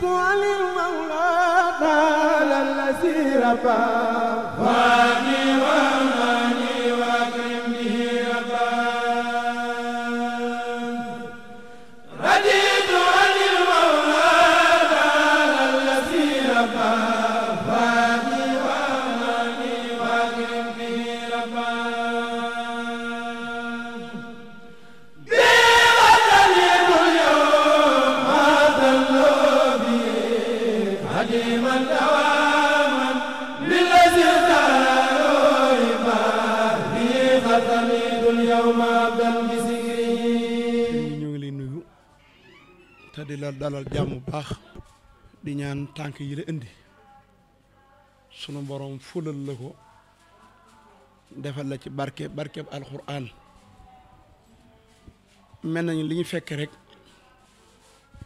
Fani wa dalal jàmm bu baax di ñaan tànk yi la indi sunu boroom fulal la ko defal la ci barke barkeb alxuraan mel nañu li ñu fekk rek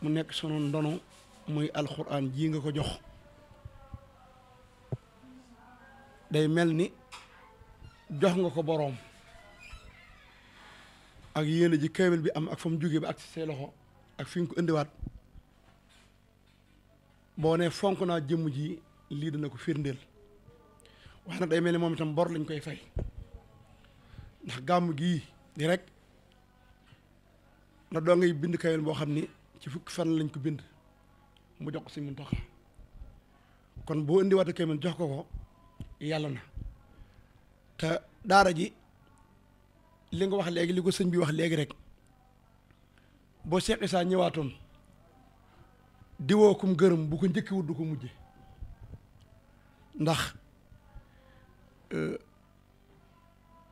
mu nekk sunu ndono muy alxuraan ji nga ko jox day mel ni jox nga ko boroom ak yéene ji kaamil bi am ak fa mu jóge ba ak ci say loxo ak fi nga ko indiwaat boo ne fonk naa jëmm ji lii dana ko firndeel wax nag day mel ni moom itam bor lañ koy fay ndax gàmm gii di rek na doo ngay bind kayel boo xam ni ci fukki fan lañ ko bind mu jox ko si mun kon boo indi waata kayel jox ko ko yàlla na te daara ji li nga wax léegi li ko sëñ bi wax léegi rek boo Cheikh Issa ñëwaatoon diwoo woo kum gërëm bu ko njëkki wut du ko mujje ndax euh,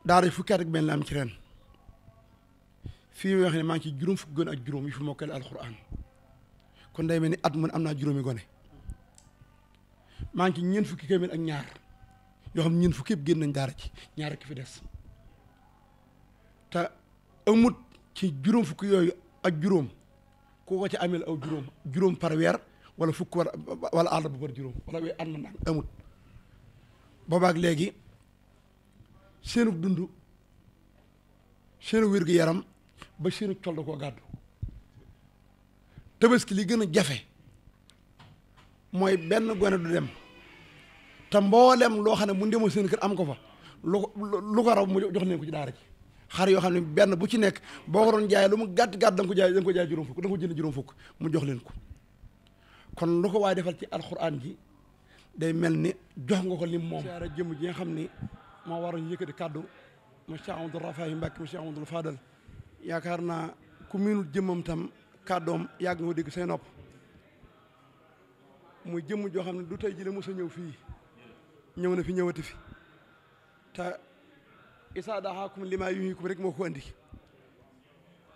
daara fukki at ak benn am ci ren fii wax ne maa ngi ci juróom fukki gone ak juróom yu fi mokkale alquran kon day mel ni at man am naa juróomi gone maa ngi ci ñeent fukki kamil ak ñaar yoo xam ñeent fukki yëpp génn nañ daara ci ñaar ki fi des te amut ci juróom fukki yooyu ak juróom ku ko ci amel aw juróom juróom par weer wala fukk wala wala àll bu par juróom wala weer at na naan amut boobaak léegi seenu dund seenu wér-gu-yaram ba seenu col koo gàddu tabaski li gën a jafe mooy benn gone du dem te mboolem loo xam ne mu demoo seen kër am ko fa lu ko mu jox leen ko ci daara ji xar yoo xam ne benn bu ci nekk boo ko doon jaayee lu mu gàtt gàtt da ko jaay da ko jaay juróom fukk da ko jënd juróom fukk mu jox leen ko kon lu ko waaye defal ci alxuraan ji day mel ni jox nga ko lim moom jëmm ji nga xam ni moo waroon yëkkati kàddu mu Cheikh Amadou Rafahi Mbacke mu Cheikh Amadou Fadal yaakaar naa ku miinul jëmmam tam yàgg nga nopp muy jëmm joo xam ne du tey jële mos ñëw fii ñëw na fi ñëwati fi isaa daxaakum limaa yuhikum rek moo ko andi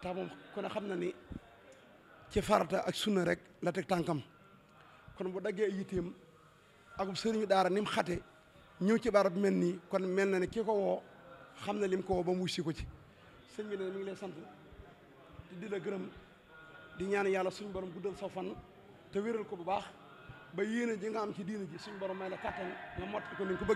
tax moom kon xam na ni ci farata ak sunna rek la teg tànkam kon bu daggee yitteem akub sëriñu daara ni mu xate ñëw ci barab mel nii kon mel na ne ki ko woo xam na lim ko woo ba mu ko ci sëñ bi ne mi ngi lay sant di la gërëm di ñaan yàlla suñu borom guddal sa fan te wéral ko bu baax ba yéene ji nga am ci diina ji suñu borom may la kàttan nga mott ko ni nga ko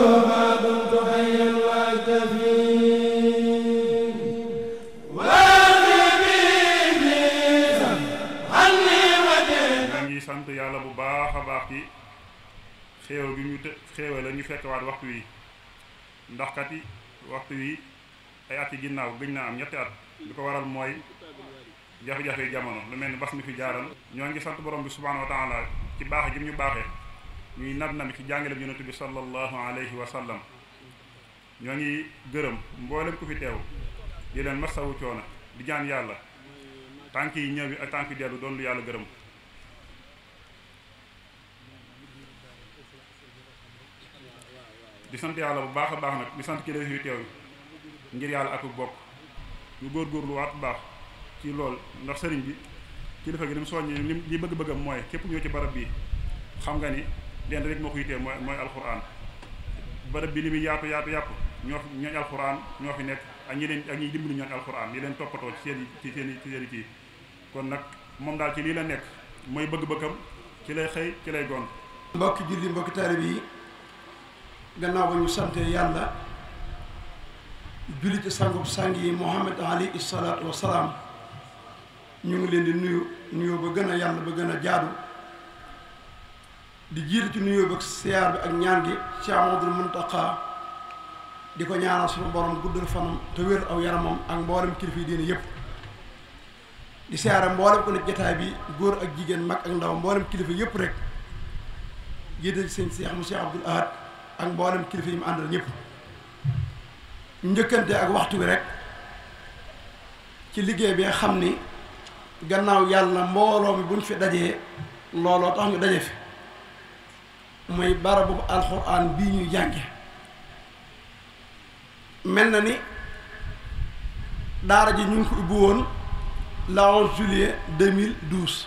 xéewal bi ñu xéewal la ñu fekk waxtu wi ndax kat yi waxtu wi ay at yi ginnaaw gëñ naa am ñetti at li ko waral mooy jafe-jafe jamono lu mel ni bas mi fi jaaral ñoo ngi sant borom bi subhanahu wa taala ci baax gi mu ñu baaxe ñuy nab nami ci jàngale bi yonent bi sallallahu alayhi wa sallam ñoo ngi gërëm mboolem ku fi teew di leen masawu coono di jaan yàlla tànk yi ñëw yi ak tànk dellu doon lu yàlla gërëm di sant yàlla bu baax a baax nag di sant kilifa yu teew yi ngir yàlla ak bokk góor góorgóorlu waat bu baax ci lool ndax sëriñ bi kilifa gi ni mu soññee li li bëgg-bëggam mooy képp ñoo ci barab bi xam nga ni leen rek moo ko yitee mooy alxuraan barab bi li muy yaatu yaatu yàpp ñoo fi ñooñ alxuraan ñoo fi nekk ak ñi leen ak ñuy dimbali ñooñ alxuraan ñi leen toppatoo ci seen ci seen ci seen kii kon nag moom daal ci lii la nekk mooy bëgg-bëggam ci lay xëy ci lay gont mbokki yi gannaaw ba ñu sante yàlla julli ci sangub sang yi Muhammad alayhi salaatu wa salaam ñu ngi leen di nuyu nuyoo ba gën a yàlla ba gën a jaadu di jiitu ci nuyoo ba siyaar bi ak ñaan gi ci Amadul Muntaqa di ko ñaanal suñu borom guddal fanam te aw yaramam ak mboolem kilifa yi diine yépp di siyaara mboolem ko ne jataay bi góor ak jigéen mag ak ndaw mboolem kilifa yépp rek jiital seen seex mu seex Abdul Ahad ak mboolem kilifa yi mu àndal ñëpp njëkkante ak waxtu bi rek ci liggéey bi xam ni gannaaw yàlla mbooloo mi buñ fi dajee looloo tax ñu daje fi muy barabu alxuraan bii ñuy jànge mel na ni daara ji ñu ngi ko ubbi woon la 11 juillet 2012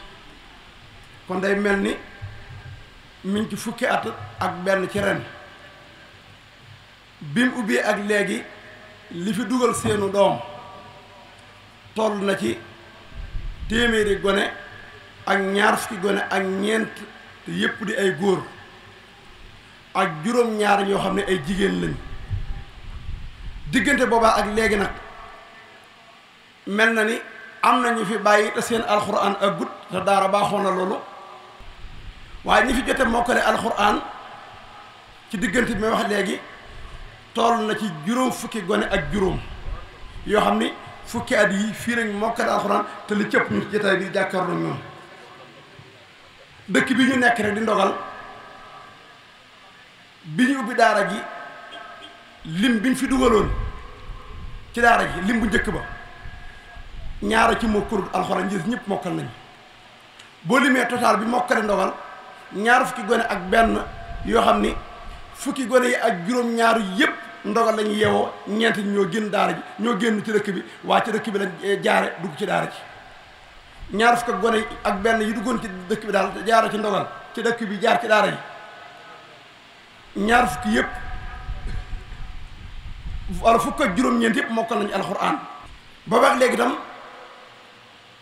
kon day mel ni mi ci fukki at ak benn ci ren bi mu ubbee ak léegi li fi dugal seenu doom toll na ci téeméeri gone ak ñaar fukki gone ak ñeent te yépp di ay góor ak juróom-ñaar ñoo xam ne ay jigéen lañ diggante boobaa ak léegi nag mel na ni am na ñu fi bàyyi te seen alxuraan ak gut te daara baaxoon na loolu waaye ñi fi jote mokkale alxuraan ci diggante bi may wax léegi tool na ci juróom fukki gone ak juróom yoo xam ni fukki at yi fii nañ mokkal alxuraan te li cëpp ñu ci jotaay bi jàkkaarloo ñoom dëkk bi ñu nekk rek di ndogal bi ñu ubbi daara ji lim bi ñu fi dugaloon ci daara ji lim bu njëkk ba ñaara ci mokkalul alxuraan njës ñëpp mokkal nañ boo limee total bi mokkale ndogal ñaar fukki gone ak benn yoo xam ni fukki gone yi ak juróom-ñaar yëpp ndogal lañ yeewoo ñeent ñi ñoo génn daara ji ñoo génn ci dëkk bi waa ci dëkk bi lañ eh, jaare dugg ci daara ji ñaar fukk ak gone ak benn yi duggoon ci dëkk bi daal jaare ci ndogal ci dëkk bi jaar ci daara ji ñaar fukk yépp wala fukk ak juróom-ñeent yëpp mokkal nañu alxuraan ba baax léegi itam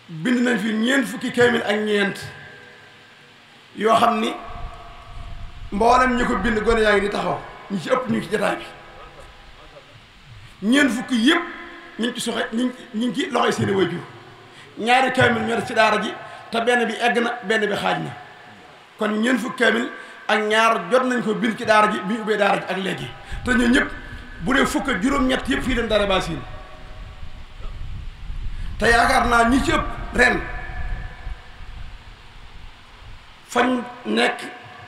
bind nañ fi ñeent fukki kaamil ak ñeent yoo xam ni mboolem ñu ko bind gone yaa ngi di taxaw ñi ci ëpp ñu ngi ci jataay bi ñeent fukki yëpp ñu ngi ci soxe ñu ngi ñu ngi ci loxoy seeni waajur ñaari kaamil ñoo def ci daara ji te benn bi egg na benn bi xaaj na kon ñeent fukki kaamil ak ñaar jot nañ ko bind ci daara ji bi ñu ubbee daara ji ak léegi te ñun ñëpp bu dee fukk ak juróom-ñett yëpp fii dem dara baa siin te yaakaar naa ñi ci ëpp ren fañ nekk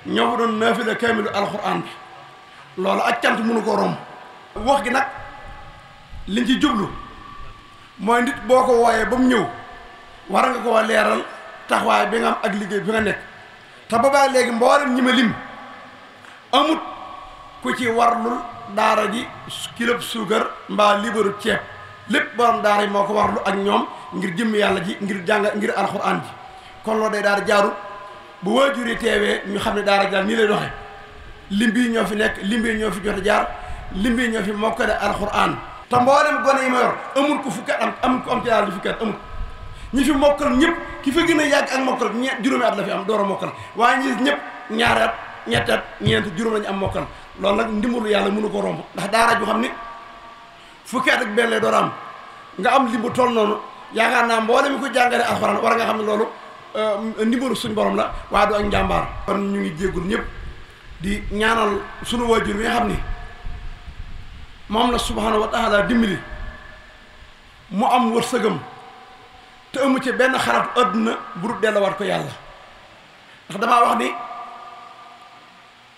ñoo fa doon naafila kaamilu alxuraan bi loolu ak cant mënu ko romb wax gi nag liñ ci jublu mooy nit boo ko wooyee ba mu ñëw war nga koo leeral taxawaay bi nga am ak liggéey bi nga nekk te boobaa léegi mboolem ñi ma lim amut ku ci warlul daara ji kilo suukar mbaa libaru ceeb lépp borom daara yi moo ko warlu ak ñoom ngir jëmm yàlla ji ngir jàng ngir alxuraan ji kon loolu day daara jaaru bu waajur yi teewee ñu xam ne daara jaar nii lay doxe lim bii ñoo fi nekk lim bii ñoo fi jot jaar lim bii ñoo fi mokkale alxuraan te mboolem gone yi ma ko fukki at am amul ko am ci daara ji fukki at amul ñi fi mokkal ñëpp ki fa gën a yàgg ak mokkal ñe juróomi at la fi am door a mokkal waaye ñi ñëpp ñaari at ñetti at ñeenti juróom lañu am mokkal loolu nag ndimbalu yàlla mënu ko romb ndax daara xam ni fukki at ak benn lay door am nga am limbu toll noonu yaakaar naa mboolem ko jàngale alxuraan war nga xam ne loolu euh, ndimbalu suñ borom la waa du ak njàmbaar kon ñu ngi jéggul ñëpp di ñaanal sunu wajur wi nga xam ni moom la subhaanahu wa taala dimbali mu am wërsëgam te amu ci benn xarab àdduna bu dul delluwaat ko yàlla ndax damaa wax ni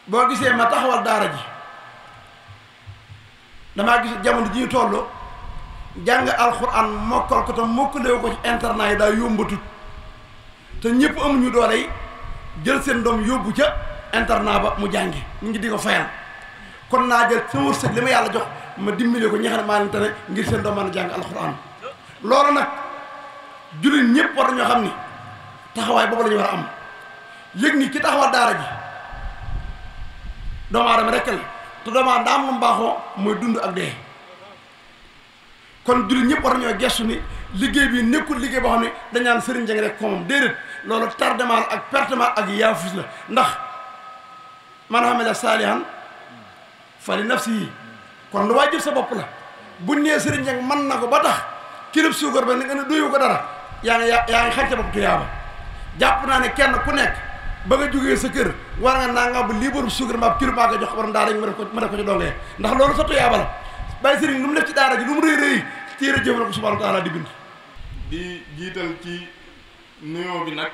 boo gisee ma taxawal daara ji damaa gis jamono ji ñu toll jàng alxuraan mokkal ko te mokkalewu ko ci internet yi daa yombatut te ñëpp amuñu doole yi jël seen doom yóbbu ca internat ba mu jàngi ñu ngi di ko fayal kon naa jël sama wërsëg li ma yàlla jox ma dimbale ko ñi ne maa leen tane ngir seen doom mën a jàng alxuraan loolu nag jullit ñëpp war nañoo xam ni taxawaay boobu la ñu a am yëg ni ki taxawal daara ji doomu aadama rekk la te doomu aadama daa am mu baaxoo mooy dund ak dee kon jullit ñëpp war nañoo gestu ni liggéey bi nekkul liggéey boo xam ne dañaan sëriñ jàng rek koomam déedéet loolu tardement ak pertement ak yaafus la ndax man amila saalihan fali nafsi yi kon lu waay jël sa bopp la buñ nee sëriñ Ñang mën na ko ba tax kilib suukar ba ni nga ne doyu ko dara yaa ngi yaa ngi xar ca bopp tuyaaba jàpp naa ne kenn ku nekk ba nga jógee sa kër war nga naa nga bu lii bërub suukar mbaab kilib maa ko jox borom daara ñu mën ko mën a ko ci dongee ndax loolu sa tuyaaba la bàyyi sëriñ lu mu def ci daara ji lu mu rëy rëy téere jëf na ko subhanahu wa taala di bind bi jiital ci nuyoo bi nag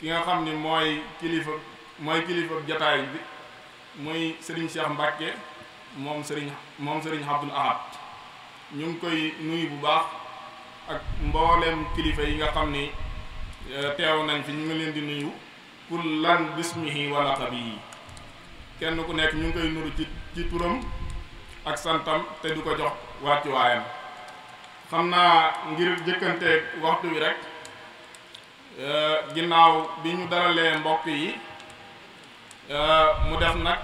ki nga xam ni mooy kilifa mooy kilifa jataay bi muy sëriñ Cheikh Mbacke moom sëriñ moom sëriñ Abdoul Ahad ñu ngi koy nuyu bu baax ak mboolem kilifa yi nga xam ni euh, teew nañ fi ñu ngi leen di nuyu pour kullan bismihi wa yi kenn ku nekk ñu ngi koy nuru ci ci turam ak santam te du ko jox wàccuwaayam xam naa ngir jëkkanteeg waxtu wi rek euh, ginnaaw bi ñu dalalee mbokk yi Euh, mu def nag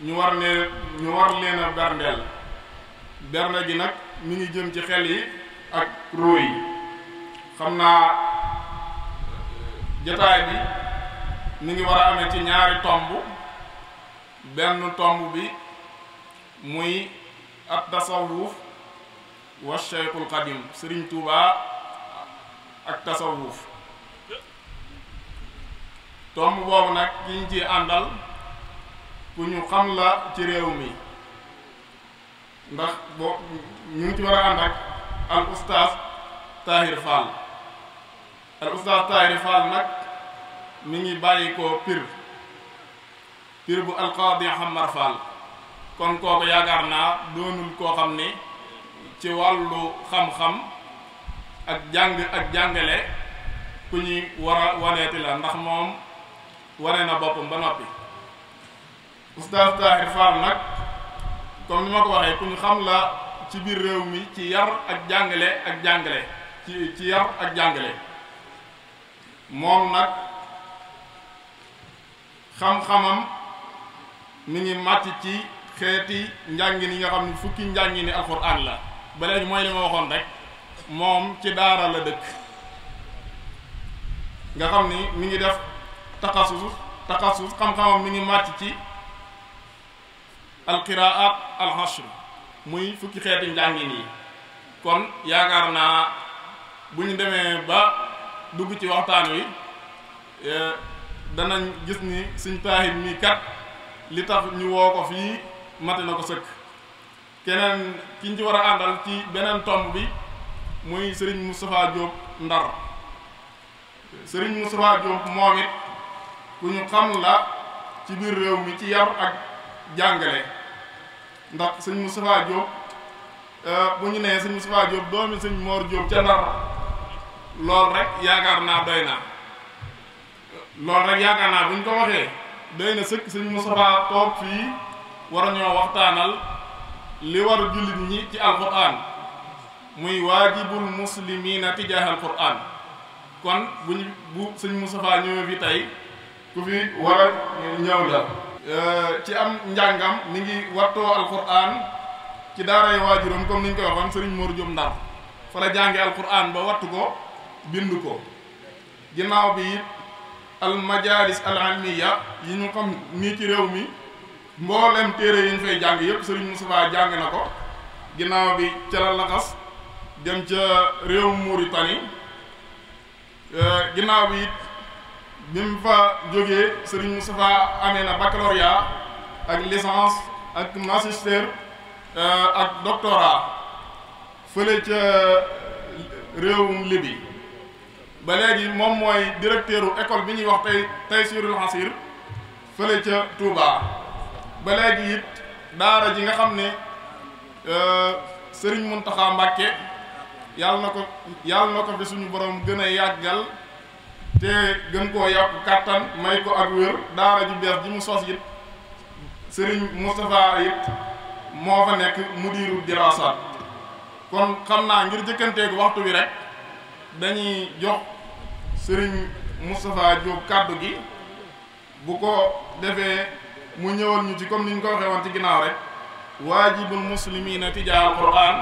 ñu war ne ñu war leen a berndeel bernde gi nag mi ngi jëm ci xel yi ak ruu yi xam naa jataay bi mi ngi war a amee ci ñaari tomb benn tomb bi muy at tasawuf wa cheikhul qadim sëriñ tuuba ak tasawuf tomb boobu nag ki ci àndal ku ñu xam la ci réew mi ndax boo ñu ngi ci war a ànd ak al ustaas Tahir Fall al ustaas Tahir Fall nag mi ngi bàyyi ko piir pir bu alqaadi Xamar Fall kon kooku yaakaar naa doonul koo xam ni ci wàllu xam-xam ak jàng ak jàngale ku ñuy war a la ndax moom wane na boppam ba noppi oustaz Tahir Fall nag comme ni ma ko waxee ku ñu xam la ci biir réew mi ci yar ak jàngale ak jàngale ci ci yar ak jàngale moom nag xam-xamam mi ngi màcc ci xeeti njàngi yi nga xam ne fukki ni alxuraan la ba léegi mooy li ma waxoon rek moom ci daara la dëkk nga xam ni mi ngi def taxasus taxasus xam-xamam mi ngi màcc ci alqiraat alhashr muy fukki xeeti njàngin yi kon yaakaar naa bu ñu demee ba dugg ci waxtaan wi e, danañ gis ni suñ taahir mi kat li tax ñu woo ko fii mate na ko sëkk keneen ki ci war a àndal ci beneen tomb bi muy Serigne Moustapha Diop Ndar Serigne Moustapha Diop moom it ku ñu xam la ci biir réew mi ci yar ak jàngale ndax sëñ Moustapha Diop euh, bu ñu nee sëñ Moustapha Diop doomi sëñ Mor Diop ca Ndar lool rek yaakaar naa doy na loolu rek yaakaar naa bu ñu ko waxee doy na sëkk sëñ Moustapha toog fii war ñoo waxtaanal li war jullit ñi ci alquran muy waajibul muslimina tijaaha alquran kon bu ñu bu sëñ ñëwee fi tey ku fi war a ñëw la euh, ci am njàngam ni ngi wattoo alquran ci daaray waajuram comme ni ñu koy waxoon sëriñ Mor Diop Ndar fa la jànge alquran ba wattu ko bind ko ginnaaw bi it al majalis yi ñu xam nii ci réew mi mboolem téere yi ñu fay jàng yëpp sëriñ Moustapha jàng na ko ginnaaw bi ca la laxas dem ca réew Mauritanie euh, ginnaaw bi it bi mu fa jógee Serigne Moustapha amee na baccalauréat ak licence ak magister euh, ak doctorat fële ca euh, réewum Libi ba léegi moom mooy directeuru école bi ñuy wax tey Taysirul Hasir fële ca Touba ba léegi it daara ji nga xam ni ne euh, Serigne Mountakha Mbacké yàlla na ko yàlla na ko fi suñu borom gën a yàggal. te gën koo yokk kàttan may ko ak wér daara ju bees ji mu sos it sëriñ Moustapha it moo fa nekk mu mudiru diraasaat kon xam naa ngir jëkkanteeg waxtu wi rek dañuy jox sëriñ Moustapha Diop kàddu gi bu ko defee mu ñëwal ñu ci comme ni ñu ko waxee ci ginnaaw rek waajibul muslimiina tijaa alquraan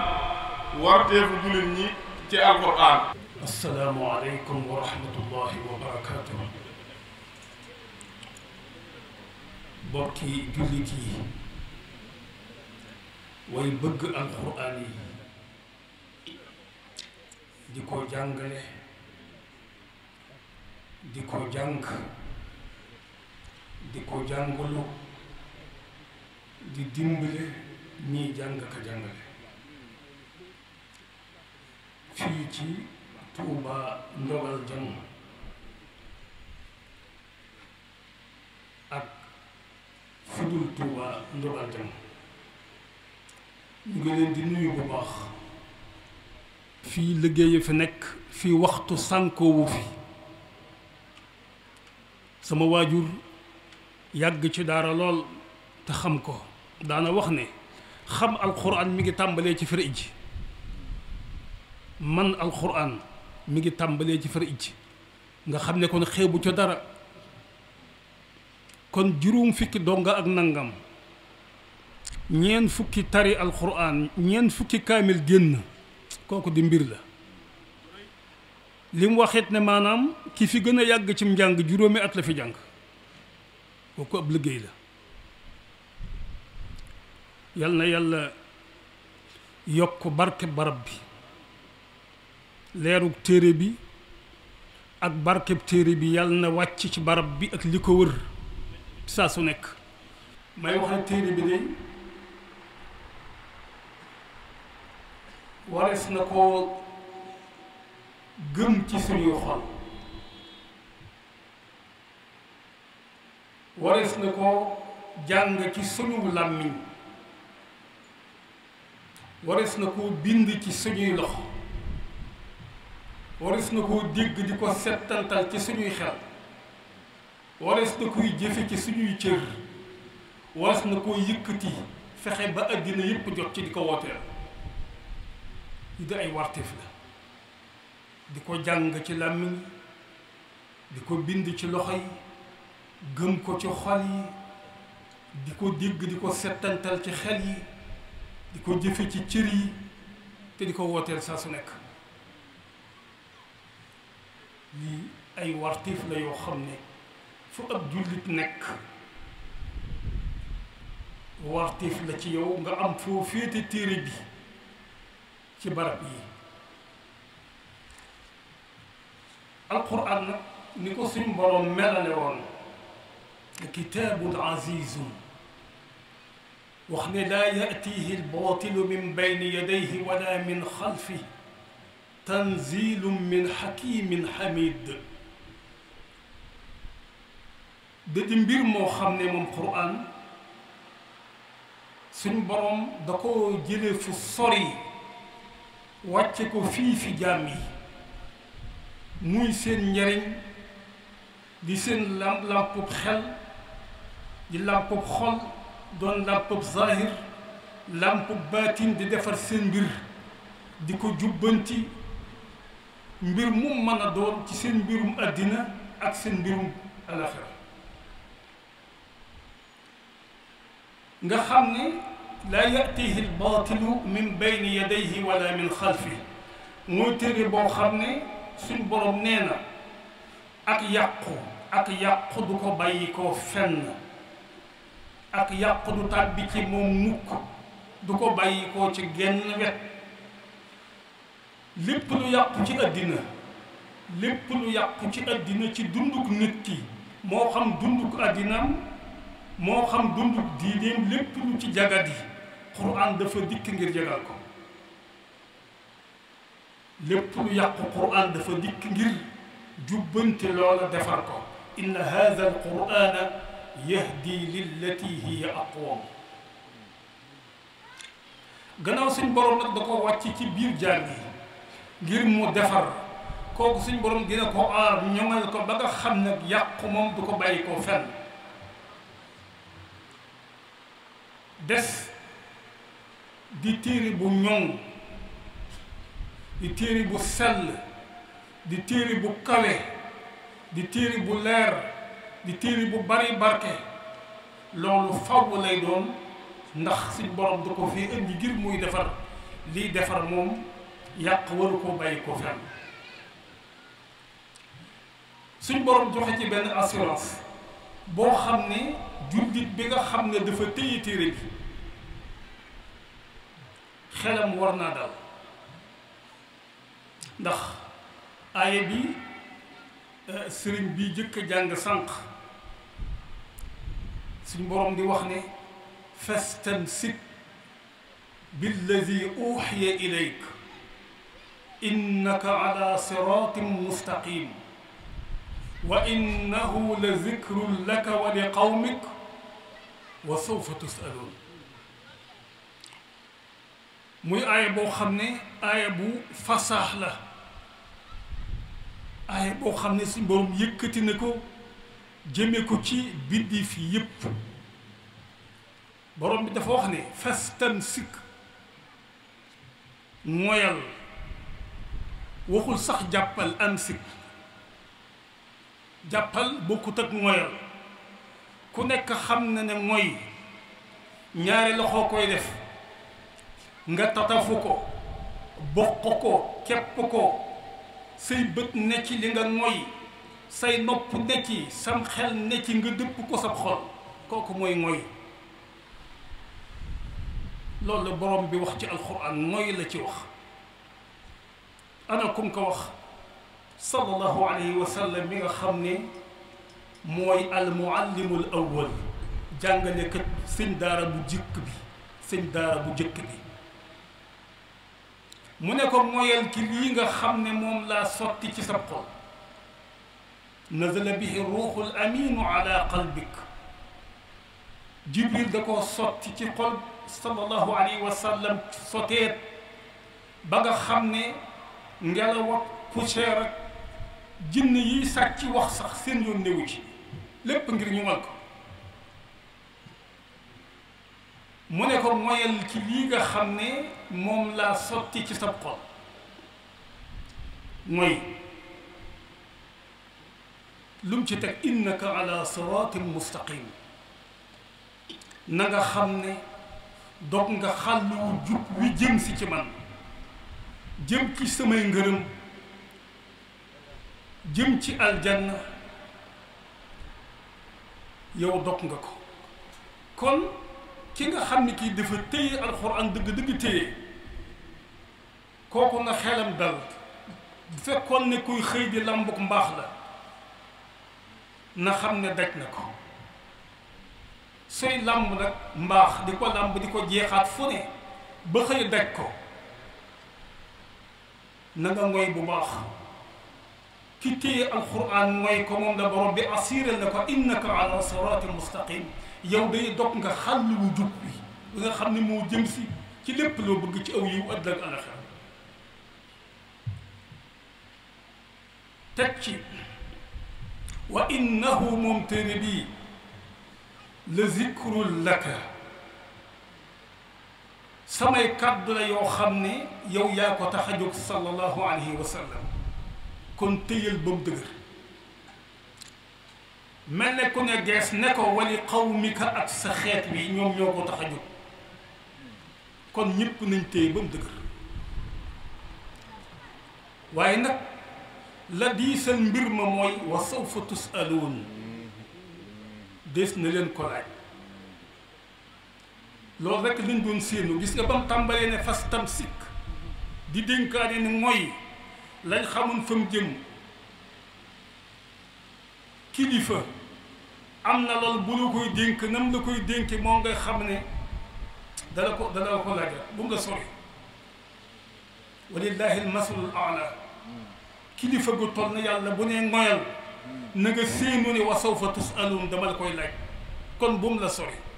warteefu jullit ñi ci alquraan assalaamu aleykum wa rahmatullahi wa barakaatuh bokki jullit yi way bëgg alxuraan yi di ko jàngale di ko jàng di ko jàngalu di dimbale ñiy jàng ka jàngale fii ci Touba ndogal jam ak fudul Touba ndogal jam ñu ngi leen di nuyu bu baax fii liggéey fi nekk fii waxtu sànkoowu fi sama waajur yàgg ci daara lool te xam ko daana wax ne xam alxuraan mi ngi tàmbalee ci firi ji man alxuraan mi ngi tàmbalee ci far ij nga xam ne kon xeebu ca dara kon juróom fukki donga ak nangam ñeen fukki tari alquran ñeen fukki kaamil génn kooku di mbir la li mu waxit ne maanaam ki fi gën a yàgg ci njàng juróomi at la fi jàng kooku ab liggéey la yal na yàlla yokk barke barab bi leerug téere bi ak barkeb téere bi yàlla na wàcc ci barab bi ak li ko wër saa su nekk may wax ak téere bi de warees na ko gëm ci suñuy xol warees na ko jàng ci suñu làmmiñ warees na ko bind ci suñuy loxo waris na koo dégg di ko settantal ci suñuy xel waris na koy jëfe ci suñuy cër waris na koo yëkkati fexe ba àddina yëpp jot ci di ko wooteel yu di ko jàng ci làmmiñ di ko bind ci loxo yi gëm ko ci xol yi di ko dégg di ko settantal ci xel yi di ko jëfe ci cër yi te di ko wooteel saa su nekk lii ay wartiif la yoo xam ne fu ab jullit nekk wartiif la ci yow nga am foo féete téere bi ci barab yi alquran nag ni ko suñ boroom melale woon kitaabun azizun wax ne laa yatihi albaatilu min bayni yadayhi wala min xalfihi tanzilum min hakimin hamid da di mbir moo xam ne moom quran suñ borom da ko jële fu sori wàcce ko fii fi jaam yi muy seen njariñ di seen làmp làmpub xel di làmpub xol doon làmpub zahir làmpub baatin di defar seen mbir di ko jubbanti mbir mu mën a doon ci seen mbirum àddina ak seen mbirum alaxira nga xam ni laa yatihi albaatilu min bayni yadayhi wala min xalfi mooy téere boo xam ne suñ boroom nee na ak yàqu ak yàqu du ko bàyyi koo fenn ak yàqu du tàbbi ci moom mukk du ko bàyyi koo ci genn wet lépp lu yàqu ci àddina lépp lu yàqu ci àddina ci dunduk nit ki moo xam dunduk àddinaam moo xam dunduk diineem lépp lu ci jagat yi Qur'an dafa dikk ngir jagal ko lépp lu yàqu Qur'an dafa dikk ngir jubbante loola defar ko inna haadha alqur'ana yahdi lillati hiya aqwam gannaaw suñ borom nag da ko wàcc ci biir jaam yi ngir mu defar kooku suñ borom dina ko aar ñoŋal ko ba nga xam nag yàqu moom du ko bàyyi ko fenn des di téere bu ñoŋ di téere bu sell di téere bu kawe di téere bu leer di téere bu bari barke loolu faw lay doon ndax suñ borom du ko fi indi ngir muy defar liy defar moom yàq waru ko bàyyi ko fenn suñ borom joxe ci benn assurance boo xam ne jullit bi nga xam ne dafa téye téere bi xelam war naa dal ndax aaya bi euh, sëriñ bi jëkk a jàng sànq suñ borom di wax ne fastamsik billazi uxiya ilayk innaka ala siratin mustaqim wa innahu la zikrun laka wa li qawmik wa sawfa tusalun muy aaya boo xam ne aaya bu fasaax la aaya boo xam ne si borom yëkkati na ko jëme ko ci biddiif yépp borom bi dafa wax ne fastamsik mooyal waxul sax jàppal amsik jàppal bokkut ak moyal ku nekk xam na ne mooy ñaari loxoo koy def nga tatafu ko bokk ko kepp ko say bët ne ci li nga moy say nopp ne ci sam xel ne ci nga dëpp ko sa xol kooku mooy moy loolu la borom bi wax ci alxuraan moy la ci wax ana ku ko wax sallallahu alayhi wa sallam mi nga xam ne mooy almuallimul awwal jàngalekat sëñ daara bu jëkk bi sëñ daara bu jëkk bi mu ne ko moyal ki lii nga xam ne moom laa sotti ci sa xol nazala bihi ruuxul aminu ala qalbik jibril da koo sotti ci xol sallallahu alayhi wa sallam soteet ba nga xam ne ngelaw ak poussière ak jinn yi sàcc wax sax seen yoon néewu ci lépp ngir ñu mal ko mu ne ko moyal ci lii nga xam ne moom laa sotti ci sab xol mooy lu ci teg innaka ala siraatin mustaqim na nga xam ne dog nga xàlluwu jub wi jëm si ci man jëm ci samay ngërëm jëm ci aljanna yow dog nga ko kon ki nga xam ne kii dafa téye alxuraan dëgg-dëgg téye kooku nga xelam dal fekkoon ne kuy xëy di làmbuk mbaax la na xam ne daj na ko sooy làmb nag mbaax di ko làmb di ko jeexaat fu ne ba xëy daj ko na nga bu baax ki téye alquran mooy ko moom la borom bi assuré na ko innaka ala siraatin mustaqim yow day dog nga xàll wu jub bi nga xam ni moo jëm si ci lépp loo bëgg ci aw yiw ëllëg alaxira teg ci wa innahu moom téere bii la zikrul laka samay kàddu la yoo xam ne yow yaa ko tax a jóg sallallahu alayhi wa kon téyal ba mu dëgër mel ne ku ne gees ne ko wali qawmika ak sa xeet wi ñoom ñoo ko tax a jóg kon ñëpp nañ téye ba mu dëgër waaye nag la diisal mbir ma mooy wa sawfa tusaluun des na leen ko laaj loolu rek lañ doon séenu gis nga ba mu tàmbalee ne fas tam sikk di dénkaane ni mooy lañ xamoon fa mu jëm kilifa am na loolu bu la koy dénk nam la koy dénki moom nga xam ne dala ko dala ko laaj bu nga sori walillahi almasalul ala kilifa gu toll na yàlla bu nee ngoyal na nga séenu ne wasawfa tusalun dama la koy laaj kon bu mu la sori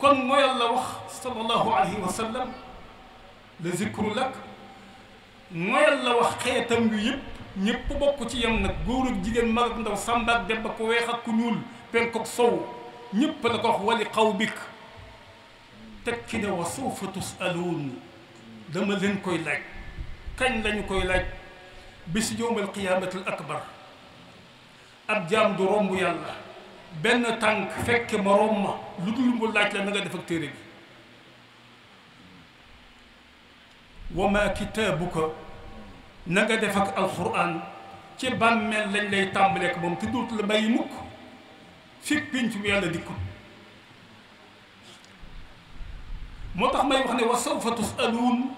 kon moo la wax sallallahu wa sallam le zikru lak moo la wax xeetam yu yëpp ñëpp bokk ci yam nag góor ak jigéen mag ak ndaw sàmba ak ak ku weex ak ku ñuul penk ak sow ñëpp ko wax wali xaw bik teg ci ne wa sawfa tusaluun dama leen koy laaj kañ lañu koy laaj bis yowmal qiyaamatul akbar ab jaam du romb yàlla benn tànk fekk morom ma lu dul mu laaj la na nga def ak téere bi wa ma kitaabuka na nga def ak alxuraan ci bàmmeel lañ lay tàmbaleek moom te dootu la bàyyi mukk fig pinc mu yàlla dikkul moo tax may wax ne wa sawfa tusaluun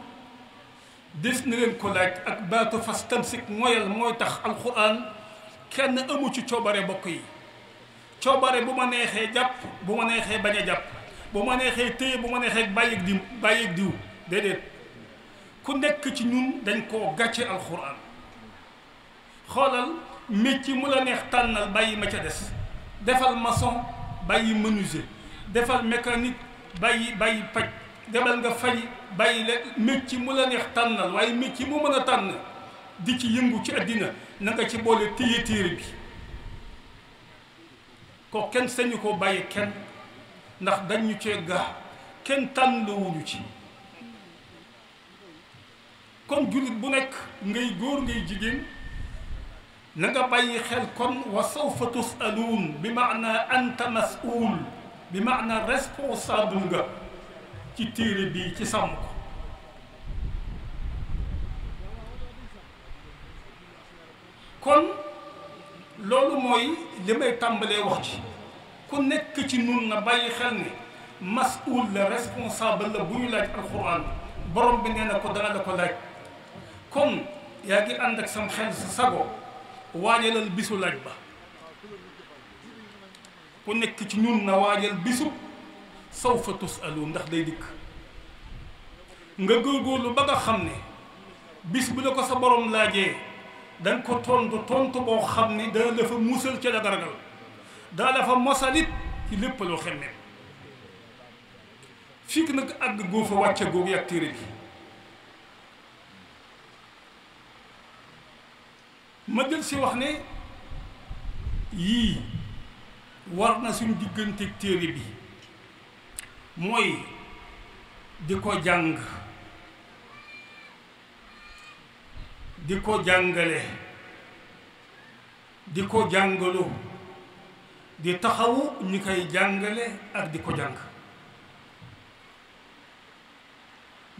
des na leen ko laaj ak baatu fastamsik moyal mooy tax alxuraan kenn amu ci coobare bokk yi coobare bu ma neexee jàpp bu ma neexee bañ jàpp bu ma neexee téye bu ma neexee bàyyi diw bàyyi diw déedéet ku nekk ci ñun dañ koo gàcce alxuraan xoolal mécc mu la neex tànnal bàyyi ma ca des defal maçon bàyyi menuisier defal mécanique bàyyi bàyyi paj demal nga fay bàyyi le mécc mu la neex tànnal waaye mécc mu mën a tànn di ci yëngu ci àddina na nga ci boole téye téere bi ko kenn sañu ko bàyyi kenn ndax dañ ñu cee gaa kenn tànnlawuñu ci kon jurit bu nekk ngay góor ngay jigéen na nga bàyyi xel kon wa sawfa tusaluun bi maana anta masuul bi maana responsable nga ci téere bii ci sàmm ko kon loolu mooy li may tàmbalee wax ci ku nekk ci nun na bàyyi xel ne mas'ul la responsable la bu ñu laaj alxuraan borom bi nee na ko dana la ko laaj kon yaa ngi ànd ak sam xel sa sago waajalal bisu laaj ba ku nekk ci ñun na waajal bisu saw fa tusalu ndax day dikk nga góorgóorlu ba nga xam ne bis bu la ko sa borom laajee dañ ko tontu tontu boo xam ne dana la fa musal ca la garagal dana la fa mosalit ci lépp loo xemmem fii nag àgg goo fa wàcce googu ak téere bi ma jël si wax ne yii war na suñu digganteeg téere bi mooy di ko jàng di ko jàngale di ko jàngalu di taxawu ñi koy jàngale ak di ko jàng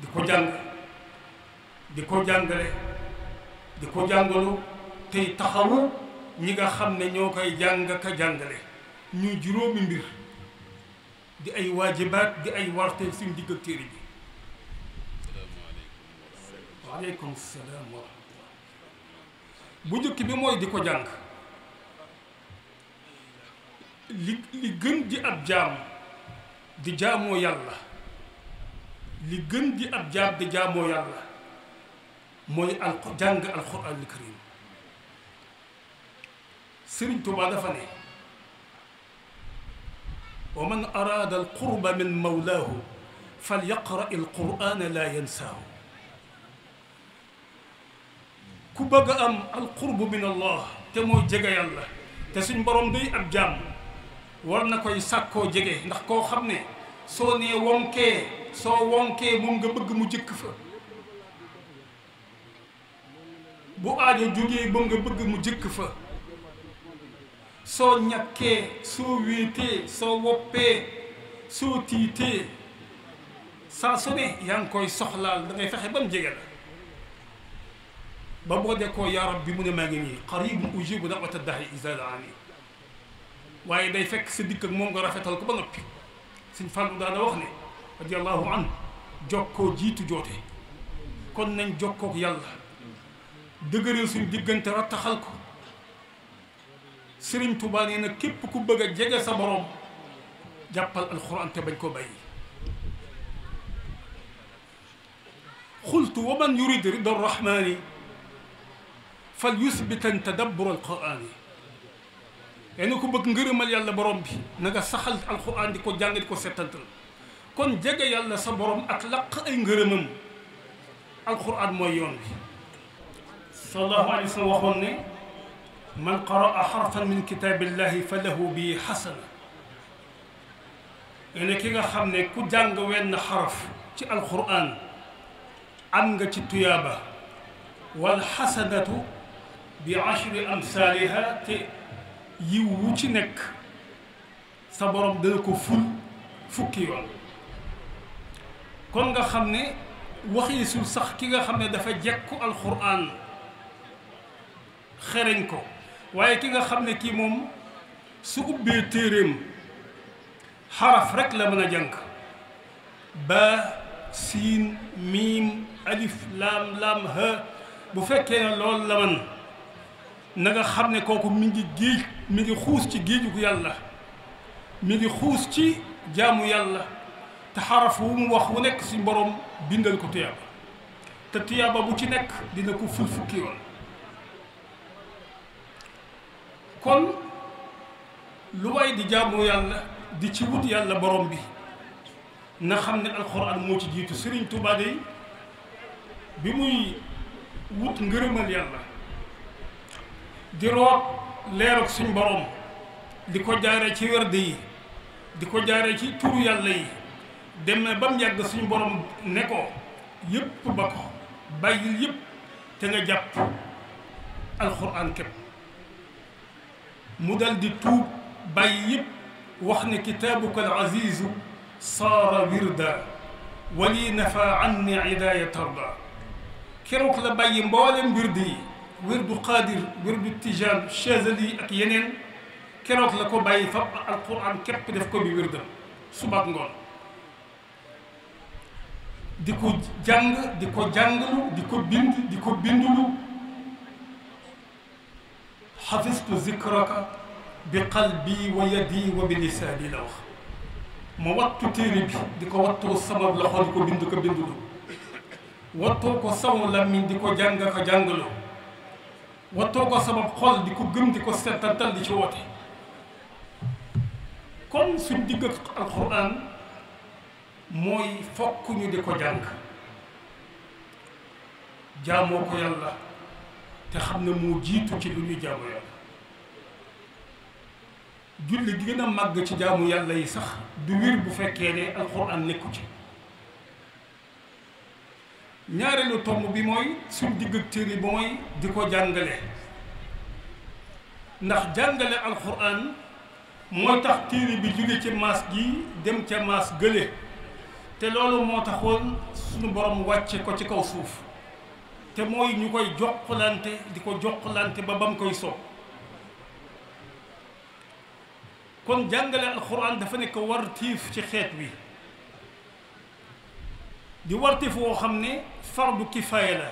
di ko jàng di ko jàngale di ko jàngalu tey taxawu ñi nga xam ne ñoo koy jàng ka jàngale ñu juróomi mbir di ay waajibaat di ay warte suñ digg téere bi waaleykum salaam wa bu njëkk bi mooy di ko jàng li li gën di ab jaam di jaamoo yàlla li gën di ab jaam di jaamoo yàlla mooy al jàng alxuraanul karim sëriñ Tuubaa dafa ne wa man araada alqurba min mawlaahu falyaqra alqurana la yansaahu ku bëgg a am alqurbu min allah te mooy jege yàlla te suñ borom day ab jàmm war na koy sàkkoo jege ndax koo xam ne soo nee wonkee soo wonkee moom nga bëgg mu jëkk nga bëgg mu jëkk fa soo ñàkkee soo wéetee soo woppee soo tiitee saa su ne yaa ngi koy soxlaal dangay fexe ba mu jege la ba mu ko dekkoo yaa rabbi mu ne maa ngi nii qaribun ujibu da'wata daa'i izaa da'aani waaye day fekk sa dikk ak moom nga rafetal ko ba noppi suñ fàllu daana wax ne radiyallahu anhu jokkoo jiitu joote kon nañ jokkook yàlla dëgëral suñ diggante rattaxal ko Sëriñ Tuubaa nee na képp ku bëgg a jege sa borom bañ ko bàyyi xultu wa man yurid ridar rahmaani fal yusbitan tadabbur alquraan yi yéen ko bëgg ngërëmal yàlla borom bi na nga saxal alxuraan di ko jàng di ko settantal kon jege yàlla sa borom ak laq ay ngërëmam alxuraan mooy yoon bi sallallahu alayhi wa sallam waxoon ne man qaraa xarfan min kitaabillahi fa lahu bi xasana ne ki nga xam ne ku jàng wenn xaraf ci alxuraan am nga ci tuyaaba wal xasanatu bi ashri amsaaliha te yiw wu ci nekk sa borom dana ko ful fukki yoon kon nga xam ne waxiisul sax ki nga xam ne dafa jekku alxuraan xereñ ko waaye ki nga xam ne kii moom su ubbee téeréem xaraf rek la mën a jàng ba siin miim alif laam laam ha bu fekkee ne lool la man na nga xam ne kooku mi ngi géej mi ngi xuus ci géejugu yàlla mi ngi xuus ci jaamu yàlla te xaraf wu mu wax wu nekk si borom bindal ko tuyaaba te tuyaaba bu ci nekk dina ko ful fukki yoon kon lu waay di jaamu yàlla di ci wut yàlla borom bi na xam ne alxuraan moo ci jiitu Sëriñ Tuubaa de bi muy wut ngërëmal yàlla di root leerug suñ borom di ko jaare ci werd yi di ko jaare ci turu yàlla yi dem na ba mu yàgg suñu boroom ne ko yëpp ba ko bàyyil yëpp te nga jàpp alxuraan képp mu daldi di tuub bàyyi yëpp wax ne kitaabuka al azizu saara wirda wali nafa an ni idaaya tarda keroog la bàyyi mboolem mbir di yi wër wirdu xaadir wirdu tijaan chazali ak yeneen keroog la ko bàyyi fab alquran képp def ko bi wirdam subaat ngoon di ko jàng di ko jàngalu di ko bind di ko bindulu xafistu zikraka bi qalbi wa yadi wa bi lisaani la wax ma wattu téere di ko wattoo sama loxo di ko bind ko bindulu wattoo ko sama làmmiñ di ko jàng ko jàngaloo wattoo ko sabab xol di ko gëm di ko settantal di ci woote kon suñ digg ak alxuraan mooy fokk ñu di ko jàng jaamoo ko yàlla te xam ne moo jiitu ci lu ñu jaamu yàlla julli gi gën a màgg ci jaamu yàlla yi sax du wir bu fekkee ne alxuraan nekku ci ñaareelu tomb bi mooy suñ digg téere bi mooy di ko jàngale ndax jàngale alxuraan moo tax téere bi jóge ci maas gi dem ca maas gële te loolu moo taxoon suñu borom wàcce ko ci kaw suuf te mooy ñu koy jokkalante di ko jokkalante ba bam koy soow kon jàngale alxuraan dafa nekk war tiif ci xeet wi di warte foo xam ne fardu kifaaya la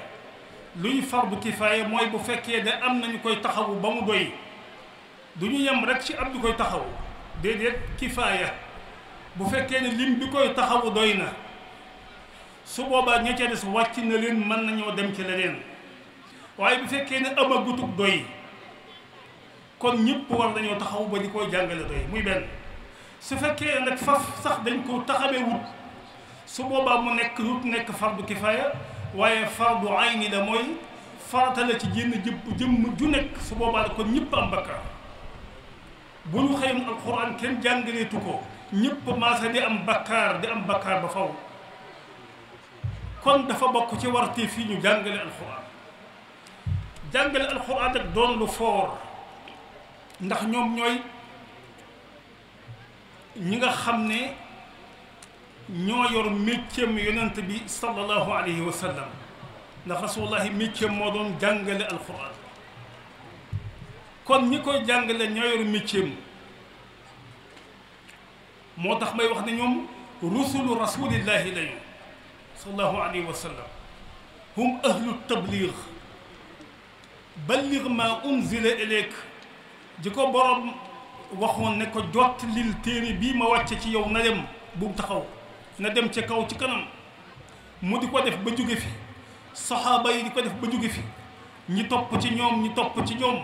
luñ luy fardu kifaaya mooy bu fekkee ne am nañu koy taxawu ba mu doy du ñu yem rek ci am ñu koy taxawu déedéet kifaaya bu fekkee ne lim bi koy taxawu doy na su boobaa ña ca des wàcc na leen mën nañoo dem ci leneen waaye bu fekkee ne amagutug doy kon ñépp war nañoo taxaw ba di koy jàngale doy muy benn su fekkee nag faf sax dañ ko taxawee wut. su boobaa mu nekk lut nekk fardu kifaaya waaye fardu ayni la mooy farata la ci jénn jëpp jëmm ju nekk su boobaa la kon ñëpp am bakkaar bu ñu xëyoon alxuraan kenn jàngaleetu ko ñëpp maasa di am bakkaar di am bakkaar ba faw kon dafa bokk ci warte fii ñu jàngale alxuraan jàngale alxuraan ak doon lu foor ndax ñoom ñooy ñi nga xam ne ñoo yor mécceem yonent bi sallallahu alayhi wa sallam ndax rasulullahi mécceem moo doon jàngale alquran kon ñi koy jàngale ñoo yor mécceem moo tax may wax ne ñoom rusulu rasulillahi lañu sallallahu alayhi wa sallam hum ahlu tabligh balligh ma unzila ilayk ji ko boroom waxoon ne ko jot lil téere bii ma wàcce ci yow na dem bu taxaw na dem ca kaw ci kanam mu di ko def ba jóge fi saxaaba yi di ko def ba jóge fi ñi topp ci ñoom ñi topp ci ñoom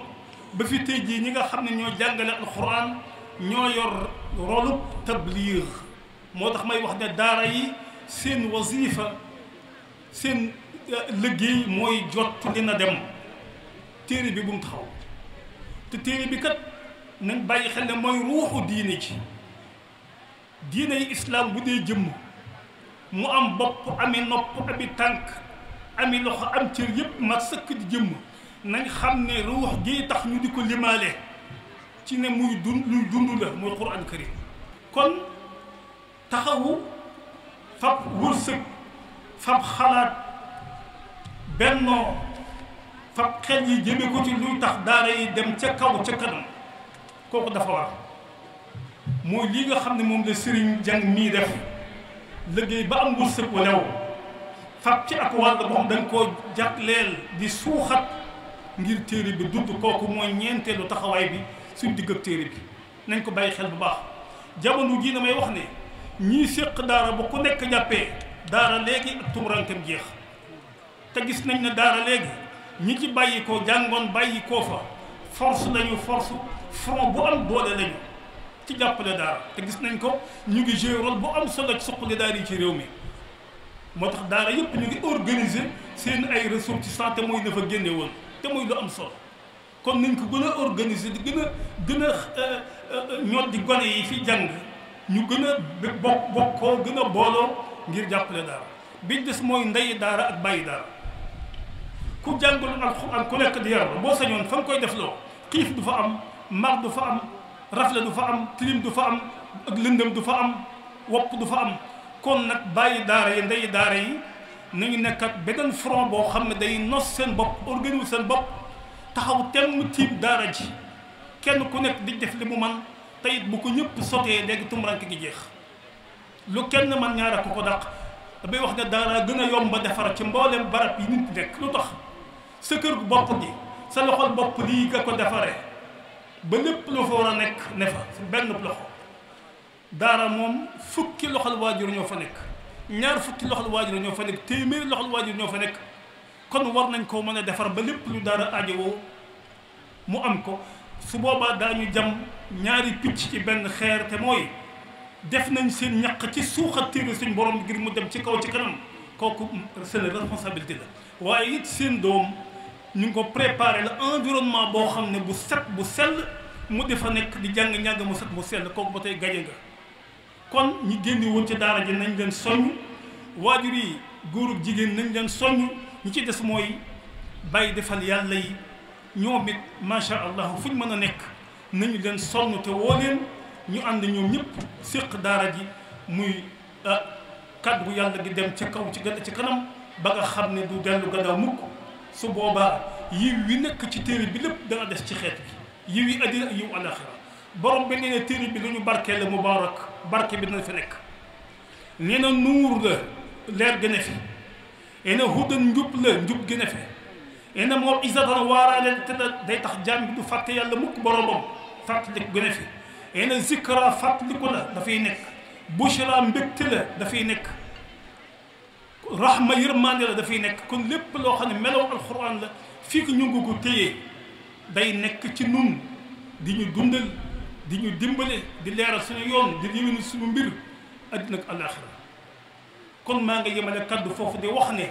ba fi tey jii ñi nga xam ne ñoo jàngale alxuraan ñoo yor rolub tabliir moo tax may wax ne daara yi seen wasifa seen euh, liggéey mooy jot dina dem téere bi bu taxaw te téere bi kat nañ bàyyi xel ne mooy ruuxu diine ci diine yi islaam bu dee jëmm mu am bopp ami nopp abi tànk ami loxo am cër yépp mat sëkk di jëmm nañ xam ne ruux gi tax ñu di ko limaale ci ne muy dund luy dund la muy quran karim kon taxawu fab wërsëg fab xalaat bennoo fab xel yi jëme ko ci luy tax daara yi dem ca kaw ca kanam kooku dafa war mooy lii nga xam ne moom la sëriñ jàng mii def liggéey ba am wul sëb walew fab ci ak wàll boo xam dañ koo jagleel di suuxat ngir téere bi dudd kooku mooy ñeenteelu taxawaay bi suñ digg ak téere bi nañ ko bàyyi xel bu baax jamono jii may wax ne ñii séq daara ba ku nekk jàppee daara léegi ak tumurankam jeex te gis nañ ne daara léegi ñi ci bàyyi koo jàngoon bàyyi koo fa force lañu force front bu am doole lañu ci jàppale daara te gis nañ ko ñu ngi joué rôle bu am solo ci suqali daara yi ci réew mi moo tax daara yëpp ñu ngi organiser seen ay ressources ci santé mooy na fa génne woon te muy lu am solo kon nañ ko gën a organiser di gën a gën a euh, euh, ñoot di gone yi fi jàng ñu gën a bokk bokkoo gën a booloo ngir jàppale daara bi des mooy ndey daara ak bàyyi daara ku jàngul alxuraan ku nekk di yar boo sañoon fa koy def loo xiif du fa am mar du fa am rafle du fa am tilim du fa am ak lëndëm du fa am wopp du fa am kon nag bàyyi daara yi ndey daara yi nañu nekk ak beneen front boo xam ne day nos seen bopp organise seen bopp taxaw temm tiim daara ji kenn ku nekk di def li mu man tey bu ko ñëpp sotee léegi tumuranke gi jeex lu kenn man ñaara ko ko dàq damay wax ne daara gën a yomb ba defar ci mboolem barab yi nit nekk lu tax sa kër bopp gi sa loxol bopp lii nga ko defaree ba lépp lu fa war a nekk ne fa si benn loxo daara moom fukki loxol waajur ñoo fa nekk ñaar fukki loxol waajur ñoo fa nekk téeméeri loxol waajur ñoo fa nekk kon war nañ koo mën a defar ba lépp lu daara ajowoo mu am ko su boobaa daañu jam ñaari picc ci benn xeer te mooy def nañ seen ñaq ci suuxat téere suñ borom ngir mu dem ci kaw ci kanam kooku seen responsabilité la waaye it seen doom ñu ngi ko préparé la environnement boo xam ne bu set bu sell mu defa nekk di jàng jàng mu set mu sell kooku ba tey gaje nga kon ñi génne woon ci daara ji nañ leen soññ waajur yi góorub jigéen nañ leen soññ ñi ci des mooy bàyyi defal yàlla yi ñoom it macha allah fu ñu mën a nekk nañu leen sonn te woo leen ñu ànd ñoom ñëpp séq daara ji muy ah, kàddu yàlla gi dem ca kaw ci gën ci kanam ba nga xam ne du dellu gannaaw mukk su boobaa yiw yi nekk ci téere bi lépp dana des ci xeet bi yiw yi àddina ak yiw alaxira borom bi nee na téere bi lu ñu barkee la mubaarak barke bi dana fi nekk nee na nuur la leer gën a fi nee na hudan njub la njub gën a fi nee na moom isatan waaraale te day tax jaam bi du fàtte yàlla mukk boromam fàttaliku gën a fi nee na zikra fàttaliku la dafay nekk bushra mbégte la dafay nekk rahma yërmande la dafay nekk kon lépp loo xam ne meloo alxuraan la fii ko ñu ngi ko téye day nekk ci nun di ñu dundal di ñu dimbale di leeral suñu yoon di mbir addina ak alaxira nga yemale kaddu foofu di wax ne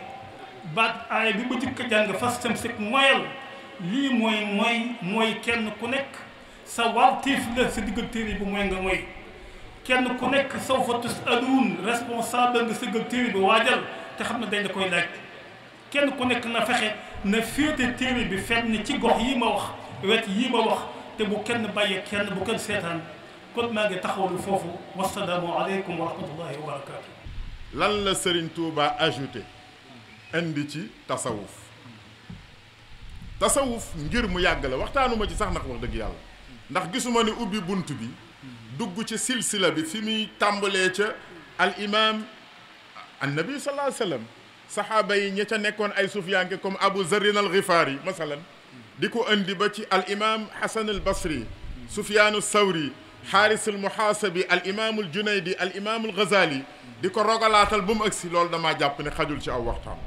bi ma jëkk a jàng fastamsik moyal lii mooy mooy mooy kenn ku nekk sa wartiif la sa diggal téere bi mooy nga mooy kenn ku nekk saw fa tus aluun responsable nga sa diggal téere bi waajal te xam ne dañ la koy laaj kenn ku nekk na fexe na féete téere bi fenn ci gox yi ma wax wet yi ma wax te bu kenn bàyyee kenn bu kenn seetaan kon maa ngi foofu wasalaamu aleykum wa rahmatullahi lan la Serigne Touba ajouté indi ci tasawuf tasawuf ngir mu yàgg la waxtaanuma ci sax nag wax dëgg yàlla ndax gisuma ne ubbi bunt bi dugg ci silsila bi fi muy tàmbalee ca al annabi sallallahu alayhi wa saxaaba yi ña ca nekkoon ay sufiyanke comme abu zarin al xifaari masalan di ko indi ba ci al imam hasan al basri sufiyaanu sawri xaaris al muhaasabi al imam al junaydi al imam al ghazali di ko rogalaatal bu mu agsi loolu damaa jàpp ne xajul ci aw waxtaan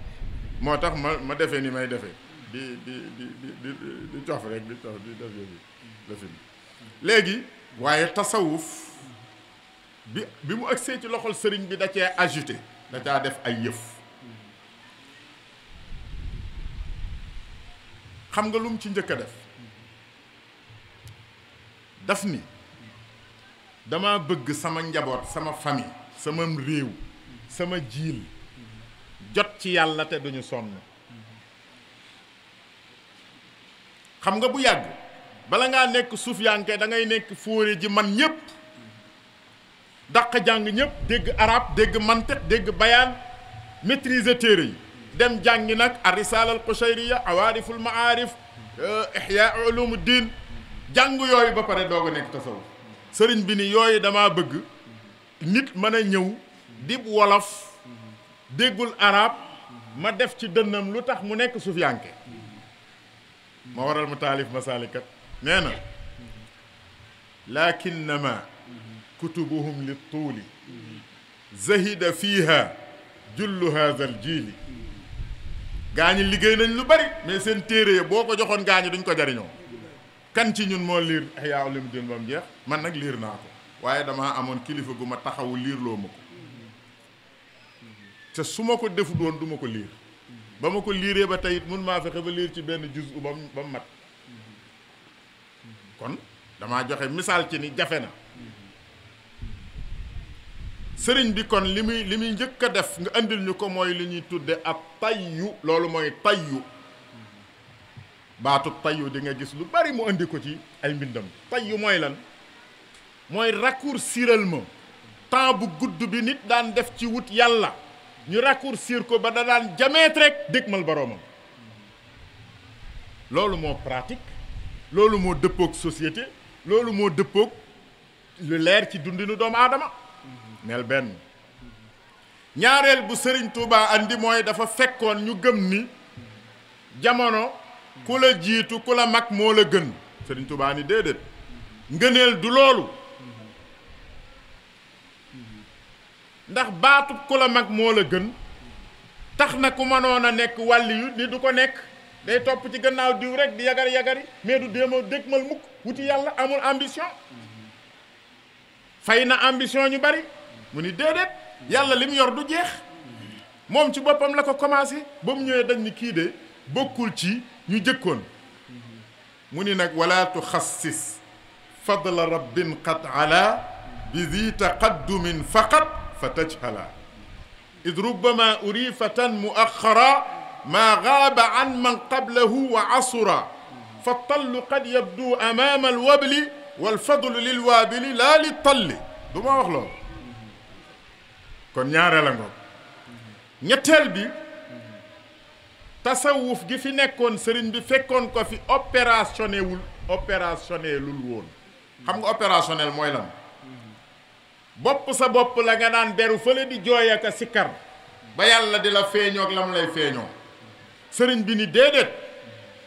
moo tax ma ma defee ni may defee di di di di di cof rek di cof di def yooyu lafin léegi waaye tasawuf bi bi mu agsee ci loxol sëriñ bi da cee ajouté da caa def ay yëf xam nga lum ci njëkk a def daf ni dama bëgg sama njaboot sama famille sama réew sama jiil jot ci yàlla te duñu sonn xam nga bu yàgg bala ngaa nekk suuf yanke da ngay nekk fóore ji man ñépp daq jàng ñëpp dégg arab dégg mantiq dégg bayaan maîtriser téere yi dem jàngi nag a risala al qushayriya awaariful maarif eh, ihya ulumuddin jàng yooyu ba pare doog a nekk tasawuf sëriñ bi ni yooyu dama bëgg nit mën a ñëw dib wolof déggul arab ma def ci dënnam lu tax mu nekk sufiyanke ma waral mu taalif masaalikat nee na lakinnama kutubuhum li tuuli zahida fiiha jullu haazal jiili gaa liggéey nañ lu bari mais seen téere ya boo ko joxoon gaa ñi duñ ko jariñoo kan ci ñun moo liir Ihya Ulumuddin ba mu jeex man nag liir naa ko waaye damaa amoon kilifa gu ma taxawu liirloo ma ko te su ma ko defu doon du ko liir ba ma ko liiree ba tey it mun maa fexe ba liir ci benn juz u ba mu mat kon damaa joxe misaal ci ni jafe na sëriñ bi kon li muy li muy njëkk a def nga andil ñu ko mooy li ñuy tudde ab tayyu loolu mooy tayyu baatu tayyu di nga gis lu bari mu andi ko ci ay mbindam tayyu mooy lan mooy raccourciral ma temps bu gudd bi nit daan def ci wut yàlla ñu raccourcir ko ba da daan jameet rek dégmal boroomam loolu moo pratique loolu moo dëppook société loolu moo dëppook lu leer ci dundinu doomu aadama neel benn ñaareel bu sëriñ Touba andi mooy dafa fekkoon ñu gëm ni jamono ku la jiitu ku la mag moo la gën sëriñ Touba ni déedéet ngëneel du loolu ndax baatu ku la mag moo la gën tax na ku mënoon a nekk wàll yu ni du ko nekk day topp ci gannaaw diw rek di yagar yagari mais du déema dégmal mukk wuti yàlla amul ambition fay na ambition ñu bari mu ni déedéet yàlla li mu yor du jeex moom ci boppam la ko commencé ba mu ñëwee dañ ni kii de bokkul ci ñu jëkkoon mu ni nag wala tuxassis fadla rabbin qad ala bi zi taqaddumin faqat fa tajhala id rubbama urifatan muaxara maa gaaba an man qablahu wa asura fa tallu qad yabdu amama alwabli walfadlu lilwaabili laa litalli du ma wax loolu kon ñaareel a ngoog ñetteel bi tasawuf gi fi nekkoon sëriñ bi fekkoon ko fi opérationné wul woon xam nga opérationnel mooy lan bopp sa bopp la nga daan beru fële di jooy ak a ba yàlla di la feeñoo ak la mu lay feeñoo sëriñ bi ni déedéet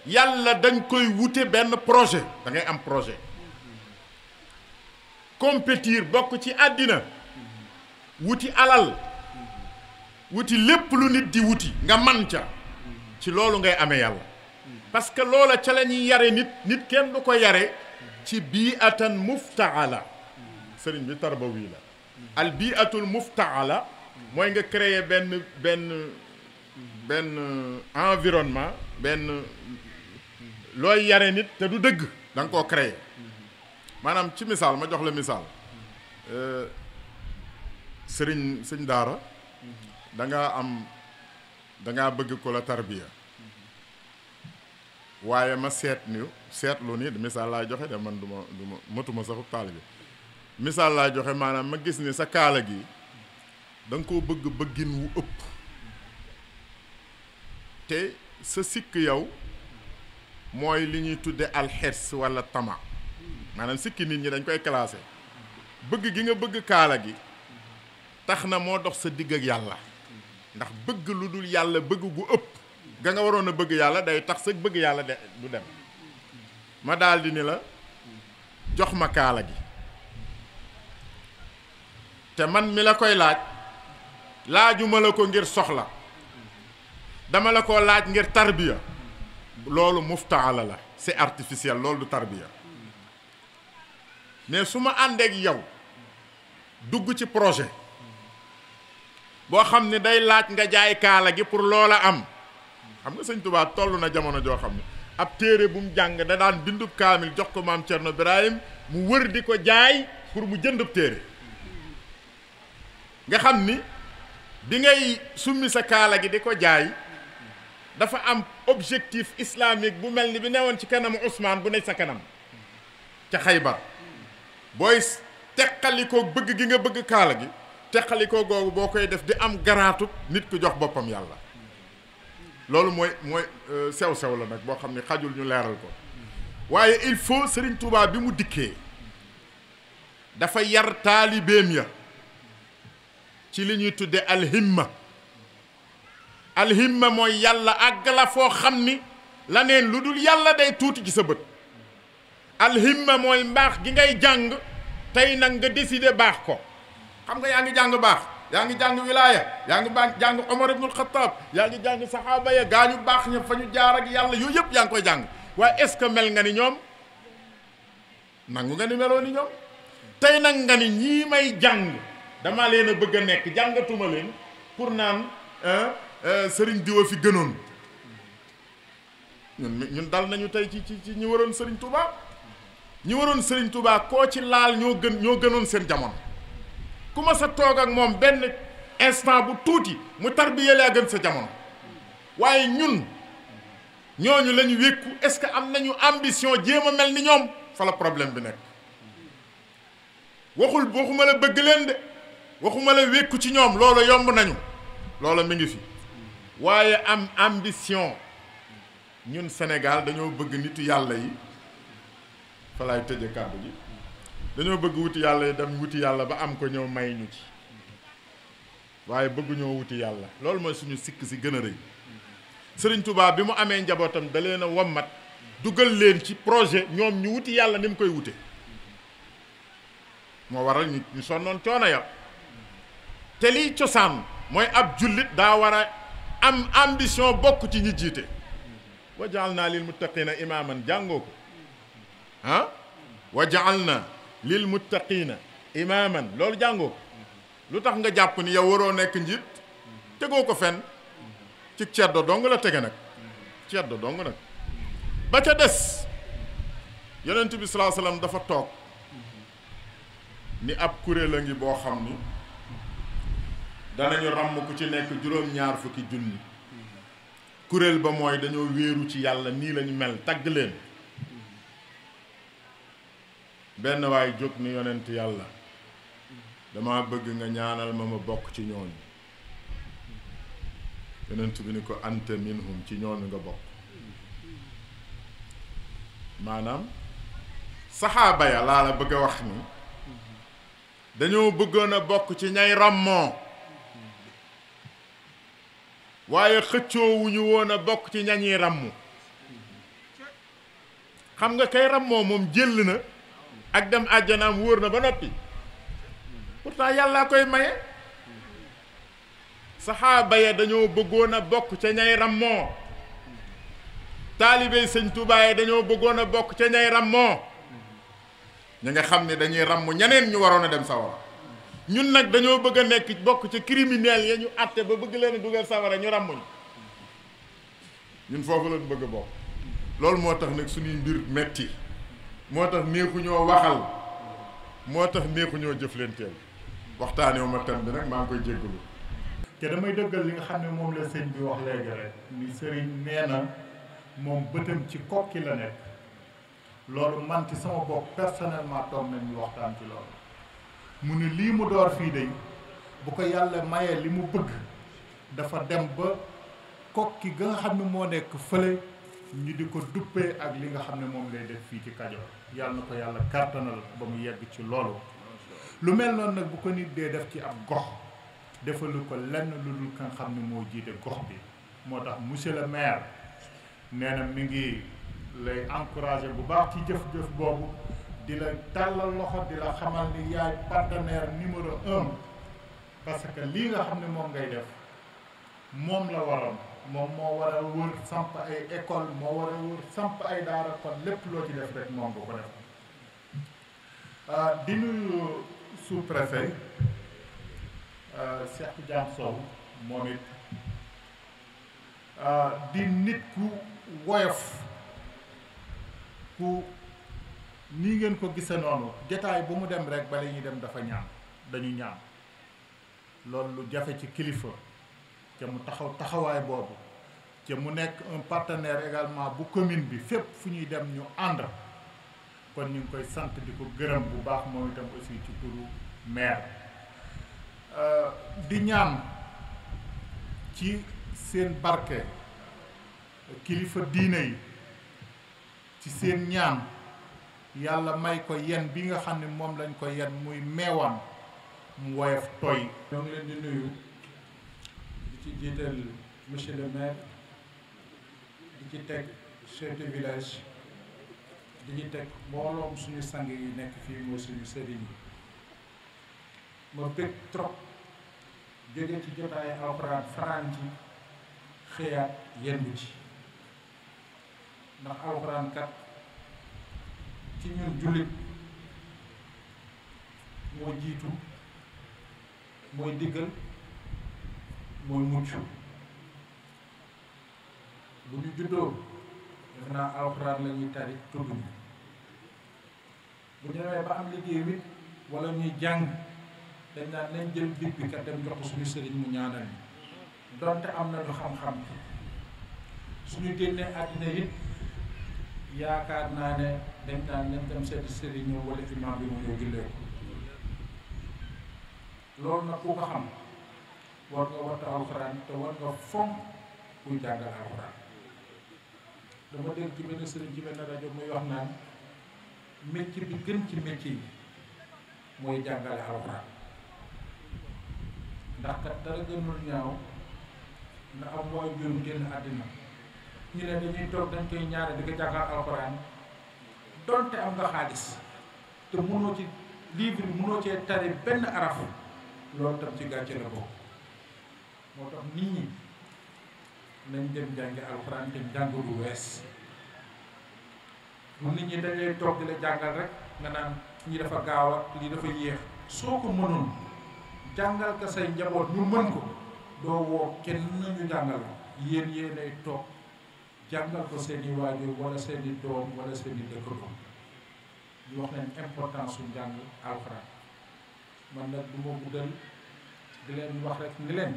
yàlla dañ koy wute benn projet dangay am projet compétir bokk ci àddina wuti alal wuti lépp lu nit di wuti nga man ca ci loolu ngay ame yàlla parce que loola ca la ñuy yare nit nit kenn du ko yare ci bii atan muftaala sëriñ bi tarbawi la al bii atul la mooy nga créer benn benn benn environnement benn looy yare nit te du dëgg da nga koo créer maanaam ci misaal ma jox la misaal euh, sëriñ sëñ daara mhm. da am da bëgg ko la tarbiya waaye ma seet ni seetlu ni misaal laa joxe de man du ma du ma matuma saxu misaal laa joxe maanaam ma gis ni sa kaala gi danga nga koo bëgg bëggin wu ëpp te sa sikk yow mooy li ñuy tudde alxers walla tama hmm. maanaam sikki nit ñi dañ koy classé bëgg gi nga bëgg kaala gi tax na moo dox sa digg ak yàlla ndax bëgg lu dul yàlla bëgg gu ëpp ga nga waroon a bëgg yàlla day tax sa bëgg yàlla de du dem ma daldi ni la jox ma kaala gi te man mi la koy laaj laajuma la ko ngir soxla dama la ko laaj ngir tarbiya loolu muftaala la si artificiel loolu du tarbiya mais su ma àndeek yow dugg ci projet boo xam ne day laaj nga jaay kaala gi pour loola am xam nga sëñ Tuubaa toll na jamono joo xam ne ab téere bu mu jàng da daan bindu kaamil jox ko maam Cerno Birahim mu wër di ko jaay pour mu jëndub téere nga xam ni bi ngay summi sa kaala gi di ko jaay dafa am objectif islamique bu mel ni bi newoon ci kanamu Ousmane bu ne sa kanam ca Xaybar booy teqali ko bëgg gi nga bëgg kaala gi teqalikoo googu boo koy def di am garaatu nit ku jox boppam yàlla loolu mooy mooy euh, sew-sew la nag boo xam ne xajul ñu leeral ko waaye il faut Serigne Touba bi mu dikkee dafa yar taalibeem ya ci li ñuy tudde alhimma alhimma mooy yàlla àgg la foo xam ni la neen lu dul yàlla day tuuti ci sa bët alhimma mooy mbaax gi ngay jàng tey nag nga décider baax ko xam nga yaa ngi jàng baax yaa ngi jàng wilaaya yaa ngi ba jàng Omar ibnul Xattaab yaa ngi jàng saxaaba ya gaa ñu baax ña fa ñu jaar ak yàlla yooyu yëpp yaa ngi koy jàng waaye est-ce que mel nga ni ñoom nangu nga ni meloo ni ñoom tey nag nga ni ñii may jàng dama leen bëgg a nekk jàngatuma leen pour naan euh, sëriñ diwa fi gënoon ñun ñun dal nañu tey ci ci ci ñi waroon sëriñ Touba ñi waroon sëriñ Touba koo ci laal ñoo gën ñoo gënoon seen jamono. ku ma sa toog ak moom benn instant bu tuuti mu tarbiye laa gën sa jamono waaye ñun ñooñu lañu ñu wékku est-ce que am nañu ambition jéem a mel ni ñoom fa la problème bi nekk waxul waxuma la bëgg leen de waxuma la wékku ci ñoom loola yomb nañu loola mi ngi fi waaye am ambition ñun Sénégal dañoo bëgg nitu yàlla yi fa laay tëje kàddu gi dañoo bëgg wuti yàlla yi dem wuti yàlla ba am ko ñëw may ñu ci waaye bëgguñoo wuti yàlla loolu mooy suñu sikk si gën a rëy sëriñ tubaab bi mu amee njabootam da leen a wommat dugal leen ci projet ñoom ñu wuti yàlla ni mu koy wute moo waral ñu ñu sonnoon coono ya te liy cosaan mooy ab jullit daa war a am ambition bokk ci ñu jiite wa jaal naa lil muttaqina imaaman jàngoo ko ah wa na lil muttaqiina imaaman loolu jàngoo lu tax nga jàpp ni yow waroo nekk njiit tegoo ko fenn ci ceddo dong la tege nag ceddo dong nag ba ca des yonent bi salaa salaam dafa toog ni ab kuréel a ngi boo xam ni danañu ràmm ku ci nekk juróom-ñaar fukki junni kuréel ba mooy dañoo wéeru ci yàlla nii lañu mel tagg leen benn waay jóg ni yonent yàlla dama bëgg nga ñaanal ma ma bokk ci ñooñu yonent bi ni ko anta minhum ci ñooñu nga bokk maanaam saxaaba ya laa la bëgg a wax ni dañoo bëggoon a bokk ci ñay ràmmoo waaye xëccoowuñu woon a bokk ci ñañi ràmm xam nga kay ràmmoo moom jël na ak dem àjjanaam wóor na ba noppi pourtant yàllaa koy maye saxaaba ya dañoo bëggoon a bokk ca ñay rammoo taalibe sëñ Tuubaa yi dañoo bëggoon a bokk ca ñay rammoo ñi nga xam ne dañuy ramm ñeneen ñu waroon a dem sawara ñun nag dañoo bëgg a nekk bokk ca criminel ya ñu àtte ba bëgg leen a dugal sawara ñu ràmmuñu ñun foofu lañ bëgg a bokk loolu moo tax nag suñuy mbir metti moo tax neexu ñoo waxal moo tax neexu ñoo jëflanteel waxtaanee wu ma tam bi nag maa ngi koy jéggalu te damay dëggal li nga xam ne moom la sëñ bi wax léegi rek ni sëriñ nee na moom bëtam ci kokki la nekk loolu man ci sama bopp personnellement toog nañu waxtaan ci loolu mu ni lii mu door fii day bu ko yàlla mayee li mu bëgg dafa dem ba kokki ga nga xam ne moo nekk fële ñu di ko duppee ak li nga xam ne moom lay def fii ci Kajoor yàlla na ko yàlla kàttanal ba mu yegg ci loolu lu mel noonu nag bu ko nit dee def ci ab gox defalu ko lenn lu dul ka nga xam ne moo jiite gox bi moo tax monsieur le maire nee na mi ngi lay encouragé bu baax ci jëf-jëf boobu di la tàllal loxo di la xamal ni yaay partenaire numéro un parce que lii nga xam ne moom ngay def moom la waroon moom moo war a wër samp ay école moo war a wër samp ay daara lépp loo ci def rek moom nga ko def euh, di nuyu sous-préfet euh, Cheikh Diam moom it euh, di nit ku woyof ku nii ngeen ko gise noonu jataay bu mu dem rek bala ñuy dem dafa ñaan dañu ñaan loolu lu jafe ci kilifa ca mu taxaw taxawaay boobu ca mu nekk un partenaire également bu commune bi fépp fu ñuy dem ñu ànd kon ñu ngi koy sant di ko gërëm bu baax moom itam aussi ci turu maire euh, di ñaan ci seen barke kilifa diine yi ci seen ñaan yàlla may ko yen bi nga xam ne moom lañ ko yen muy meewam mu woyof toy ñoo leen di nuyu ci jiital monsieur le maire di ci teg chef de village di ci teg mbooloom suñu sang yi nekk fii mooy suñu sëriñ yi ma bëgg trop jóge ci jotaayu alxuraan faran ci xëyaat yendu ci ndax alxuraan kat ci ñun jullit moo jiitu mooy diggal mooy mucc bu ñu juddoo def naa alxuraan la ñuy tudd ñu bu ñu demee ba am liggéey bi walla ñuy jàng dañ naan nañ jël big bi kat dem jox suñu sëriñ mu ñaanal ñu donte am na lu xam-xam suñu génnee àddina it yaakaar naa ne dañ naan nañ dem seeti sëriñ ñëw wala imaam bi mu ñëw jullee loolu nag ku ko xam war nga wattu alxuraan te war nga fonk kuy jàngal alxuraan dama dégg ci benn sëriñ ci benn rajo muy wax naan métier bi gën ci métier yi mooy jàngale alxuraan ndax kat dara gënul ñaaw nga am mooy jurum génn àddina ñu ne dañuy toog dañ koy ñaare di ko jàngal alxuraan donte am nga xaalis te mënoo ci livre mënoo cee tari benn araf loolu tam ci gàcce la bokk moo tax nit ñi nañ dem jàngi alxuraan te jàng wees mun nit ñi dañuy toog di la jàngal rek nga naan ñi dafa gaaw ak lii dafa yéex soo ko mënoon jàngal ka say njaboot ñu mën ko doo woo kenn ñu jàngal yéen yéenay toog jàngal ko seen i waajur wala seen doom wala seen i dëkkandoo ñu wax nañ importance su njàng alxuraan man nag du guddal di leen wax rek ni leen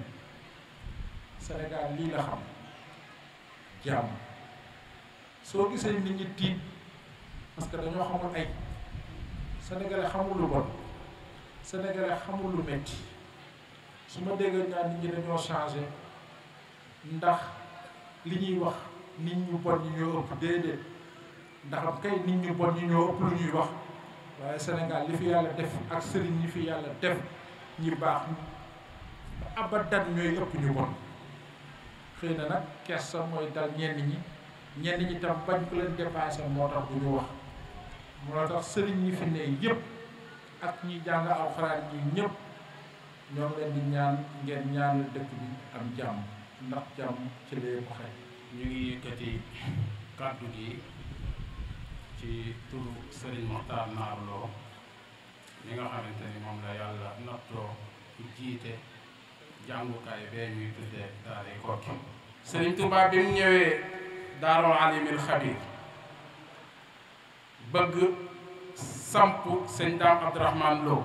Sénégal lii la xam jàmm soo gisee nit ñi tiit parce que dañoo xamul ay sénégalais xamul lu bon sénégalais xamul lu metti su ma déggee ñaar nit ñi dañoo changé ndax li ñuy wax nit ñu bon ñu ñoo ëpp déedéet ndax am kay nit ñu bon ñu ñoo ëpp lu ñuy wax waaye Sénégal li fi yàlla def ak sëriñ ñi fi yàlla def ñi baax abadan ñooy ëpp ñu bon xëy na nag kersa mooy dal ñenn ñi ñenn ñi tam bañ ku leen dépassé moo tax bu ñu wax moo tax sëriñ ñi fi ne yëpp ak ñi jàng alxuraan ñi ñëpp ñoo leen di ñaan ngeen ñaanal dëkk bi am jàmm ndax jàmm ci lay waxe ñu ngi yëkkati kàddu gi ci turu Serigne Mokhtar Narlo li nga xamante ni moom la yàlla nattoo jiite jàngukaay bee ñuy tuddee daaray Kokki sëriñ Tuubaa bi mu ñëwee daarul alimil xabir bëgg samp sëñ daam Abdourahman Lo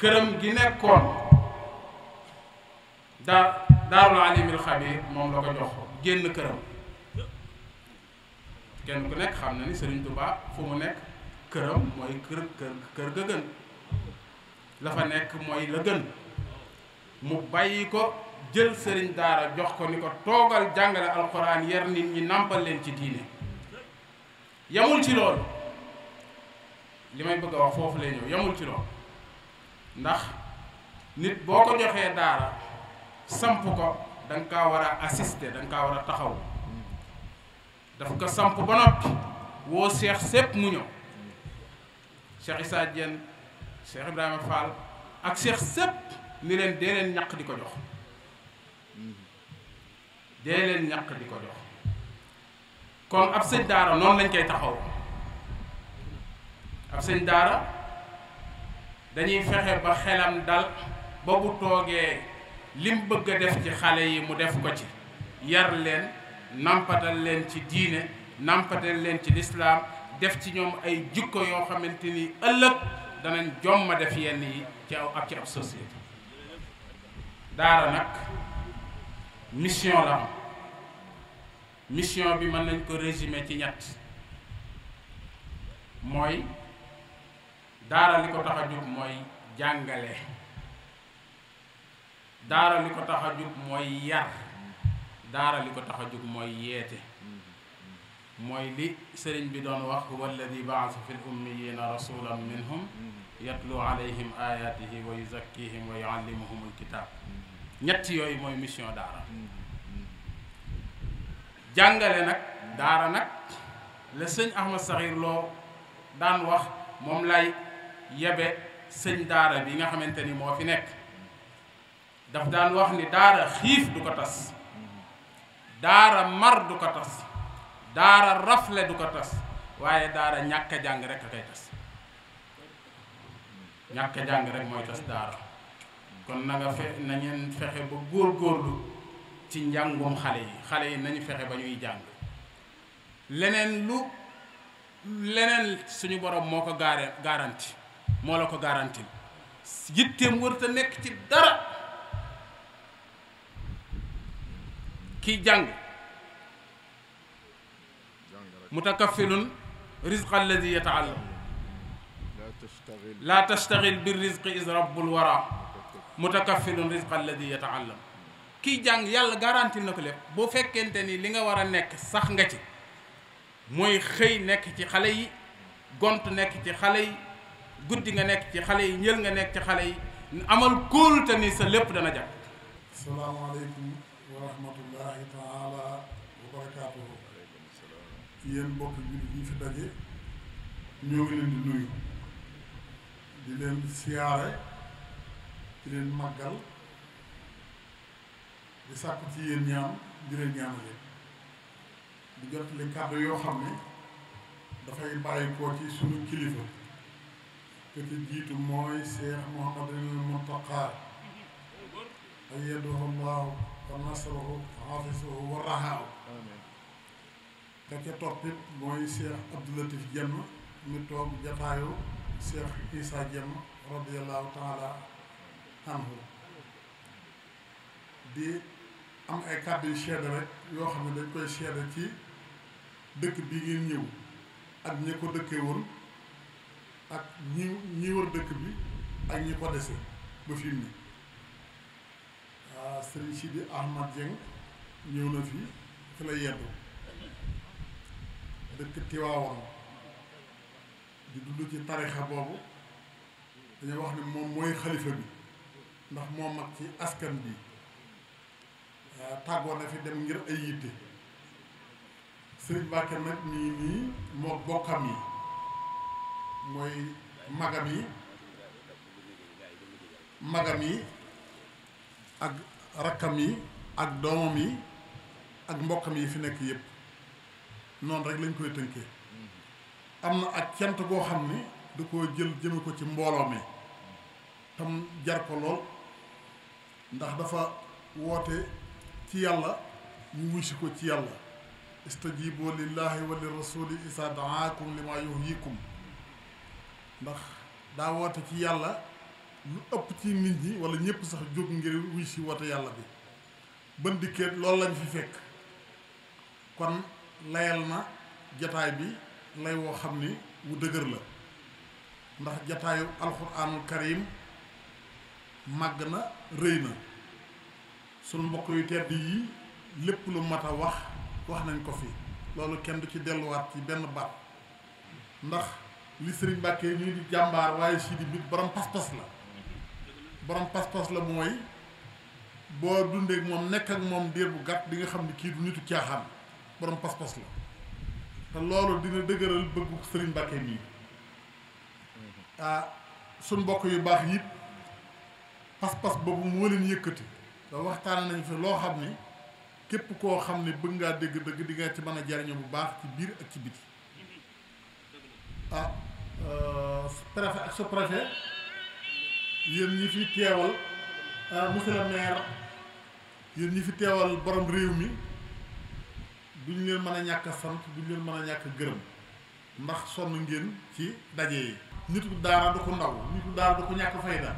këram gi nekkoon daa daarul alimil xabir moom la ko jox génn këram kenn ku nekk xam na ni sëriñ Tuubaa fu mu nekk këram kër kër kër gën la fa nekk mooy la gën mu bàyyi ko jël sëriñ daara jox ko ni ko toogal jàngale alxuraan yar nit ñi nàmpal leen ci diine yamul ci loolu li may bëgg a wax foofu lay ñëw yamul ci loolu ndax nit boo ko joxee daara samp ko danga nga kaa war a assister da nga war a taxaw dafa ko samp ba noppi woo seex sépp mu ñëw Cheikh Issa Diène Cheikh Ibrahima Fall ak Cheikh sëpp ni leen dee leen ñaq di ko jox dee leen ñaq di ko jox kon ab sëñ daara noonu lañ koy taxaw ab sëñ daara dañuy fexe ba xelam dal ba bu toogee lim bëgg a def ci xale yi mu def ko ci yar leen nampatal leen ci diine nampatal leen ci lislaam def ci ñoom ay jukko yoo xamante ni ëllëg danañ jomma def yenn yi ci aw ab ci ab société daara nag mission la mission bi mën nañ ko résumer ci ñett mooy daara li ko tax a jóg mooy jàngale daara li ko tax a jóg mooy yar daara li ko tax a jóg mooy yeete mooy li sëriñ bi doon wax huwa alladi baasa fi l ummiyina rasulan minhum yatlu alayhim ayatihi wa yuzakkihim wa yuallimuhumul kitaab mm-hmm. ñett yooyu mooy mission daara mm-hmm. jàngale nag daara nag la sëñ Ahmad Saxiir Lo daan wax moom lay yebe sëñ daara bi nga xamante ni moo fi nekk daf daan wax ni daara xiif du ko tas mm-hmm. daara mar du ko tas daara rafle du ko tas waaye daara ñàkk jàng rekk a koy tas ñàkk a jàng rek mooy tas daara kon na fe na fexe ba góorgóorlu ci njàngum xale yi xale yi nañu fexe ba ñuy jàng leneen lu leneen suñu boroom moo ko garanti moo la ko garanti yitteem wër te nekk ci dara kiy jàng mutakaffilun rizqa alladi yataallam laa tastaxil bi rizqi is rabbul wara mutakaffilun rizqa alladi yataallam kiy jàng yàlla garanti na ko lépp boo fekkente ni li nga war a nekk sax nga ci mooy xëy nekk ci xale yi gont nekk ci xale yi guddi nga nekk ci xale yi njël nga nekk ci xale yi amal kóolute ni sa lépp dana jàpp asalaamaaleykum di leen siyaare di leen màggal di sàkk ci yéen ñaan di leen ñaanale di jot li kàddu yoo xam ne dafay bàyyi koo ci suñu kilifa te ci jiitu mooy Seex Muhammadul Muntaqa ayyadahu Allahu wa nasrahu wa hafizahu wa rahaahu te ca toppit mooy Seex Abdou Latif Diène toog jataayu Cheikh Issa Diem radiallahu taala anhu di am ay kàddu yu seede rek yoo xam ne dañ koy seede ci dëkk bi ngeen ñëw ak ñi ko dëkkee woon ak ñi ñi wër dëkk bi ak ñi ko dese ba fi mu ne waaw ah, sëriñ Sidi Ahmad Dieng ñëw na fi fi la yeddu dëkk Tiwaawoon di dund ci tarixa boobu dañu wax ne moom mooy xalifa bi ndax moo mag ci askan bi euh, tàggoo na fi dem ngir ay yitte sëriñ Mbàkke nag nii nii moo bokkam yi mooy magam yi magam yi ak rakkam yi ak doomam yi ak mbokkam yi fi nekk yépp noonu rek lañ koy tënkee am na ak cant goo xam ne da ko jël jëme ko ci mbooloo mi tam jar ko lool ndax dafa woote ci yàlla mu wuy si ko ci yàlla istajibu lillahi wa li rasuli isa daakum li ma yuhyikum ndax daa woote ci yàlla lu ëpp ci nit ñi wala ñëpp sax jóg ngir wuy si woote yàlla bi bën dikkeet loolu lañu fi fekk kon layal na jataay bi lay woo xam ni wu dëgër la ndax jataayu alxuraanul karim màgg na rëy na sunu mbokk yu tedd yi lépp lu mat a wax wax nañ ko fi loolu kenn du ci delluwaat ci benn baat ndax li sëriñ Mbàkke ñuy di jàmbaar waaye sii di bit borom pas-pas la borom pas-pas la mooy boo dundee ak moom nekk ak moom diir bu gàtt di nga xam ni kii du nitu caaxaan borom pas-pas la te loolu dina dëgëral bëggu sëriñ Mbàkke mii suñ mbokk yu baax yi pas-pas boobu moo leen yëkkati da waxtaan nañ fi loo xam ni képp koo xam ne bëgg ngaa dégg dëgg di nga ci mën a jariñu bu baax ci biir ak ci biti ah euh, préfet ak sous-préfet yéen ñi fi teewal euh, monsieur le maire yéen ñi fi teewal borom réew mi duñ leen mën a ñàkk a sant duñ leen mën a ñàkk a gërëm ndax sonn ngeen ci daje yi nitu daara du ko ndaw nitu daara du ko ñàkk fayda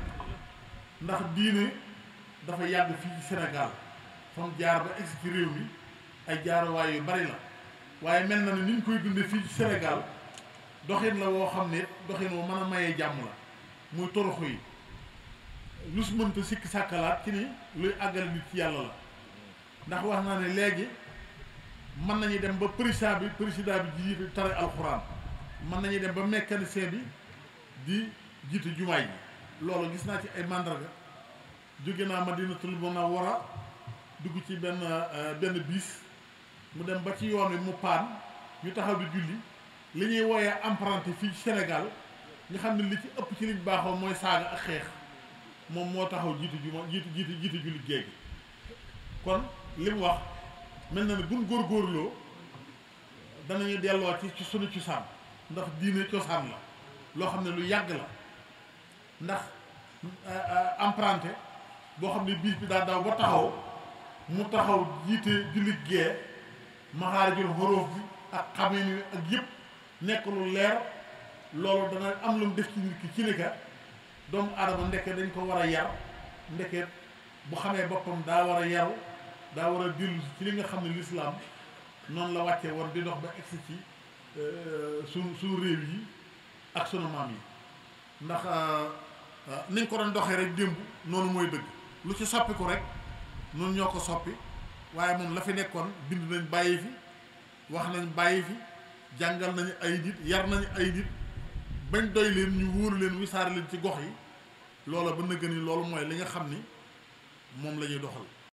ndax diine dafa yàgg fii ci Sénégal fam jaar ba egsi ci réew mi ay jaaruwaay yu bari la waaye mel na ne ni ñu koy dunde fii ci Sénégal doxin la woo xam ne doxin woo mën a mayee jàmm la muy toroxu yi lus mënta sikki sàkkalaat ci ni luy àggale nit ci yàlla la ndax wax naa ne léegi mën nañu dem ba président bi président bi di jiitu tare alxuraan mën nañu dem ba mécanicien bi di jiitu jumaay bi loolu gis naa ci ay mandarga jóge naa war a dugg ci benn euh, benn biis mu dem ba ci yoon wi mu paan ñu taxaw di julli li ñuy wooyee emprunté fii Sénégal ñu xam ne li ci ëpp ci li baaxoo mooy saaga ak xeex moom moo taxaw jiitu juma jiitu jiitu jiitu julli géej kon li mu wax mel na ne buñ góorgóorloo danañu delluwaat ci sunu cosaan ndax diine cosaan la loo xam ne lu yàgg la ndax euh, euh, emprunté boo xam ne biis bi daa daw ba taxaw mu taxaw jiite jullit gee maxaarijul xoroof bi ak xameen wi ak yëpp nekk lu leer loolu dana am lu mu def ci nit ki ci ni ka doomu aadama ndeke dañ ko war a yar ndeke bu xamee boppam daa war a yaru daa war a dellu ci li nga xam ne l'islam noonu la wàccee war di dox ba egsi ci euh, suñu suñu réew yi ak sunu maam yi ndax euh, euh, nañ ko doon doxee rek démb noonu mooy dëgg lu ci soppi ko rek noonu ñoo ko soppi waaye moom la fi nekkoon bind nañ bàyyi fi wax nañ bàyyi fi jàngal nañu ay nit yar nañu ay nit bañ doy leen ñu wóor leen wisaar leen ci gox yi loola ba na gën ni loolu mooy li nga xam ni moom lañuy ñuy doxal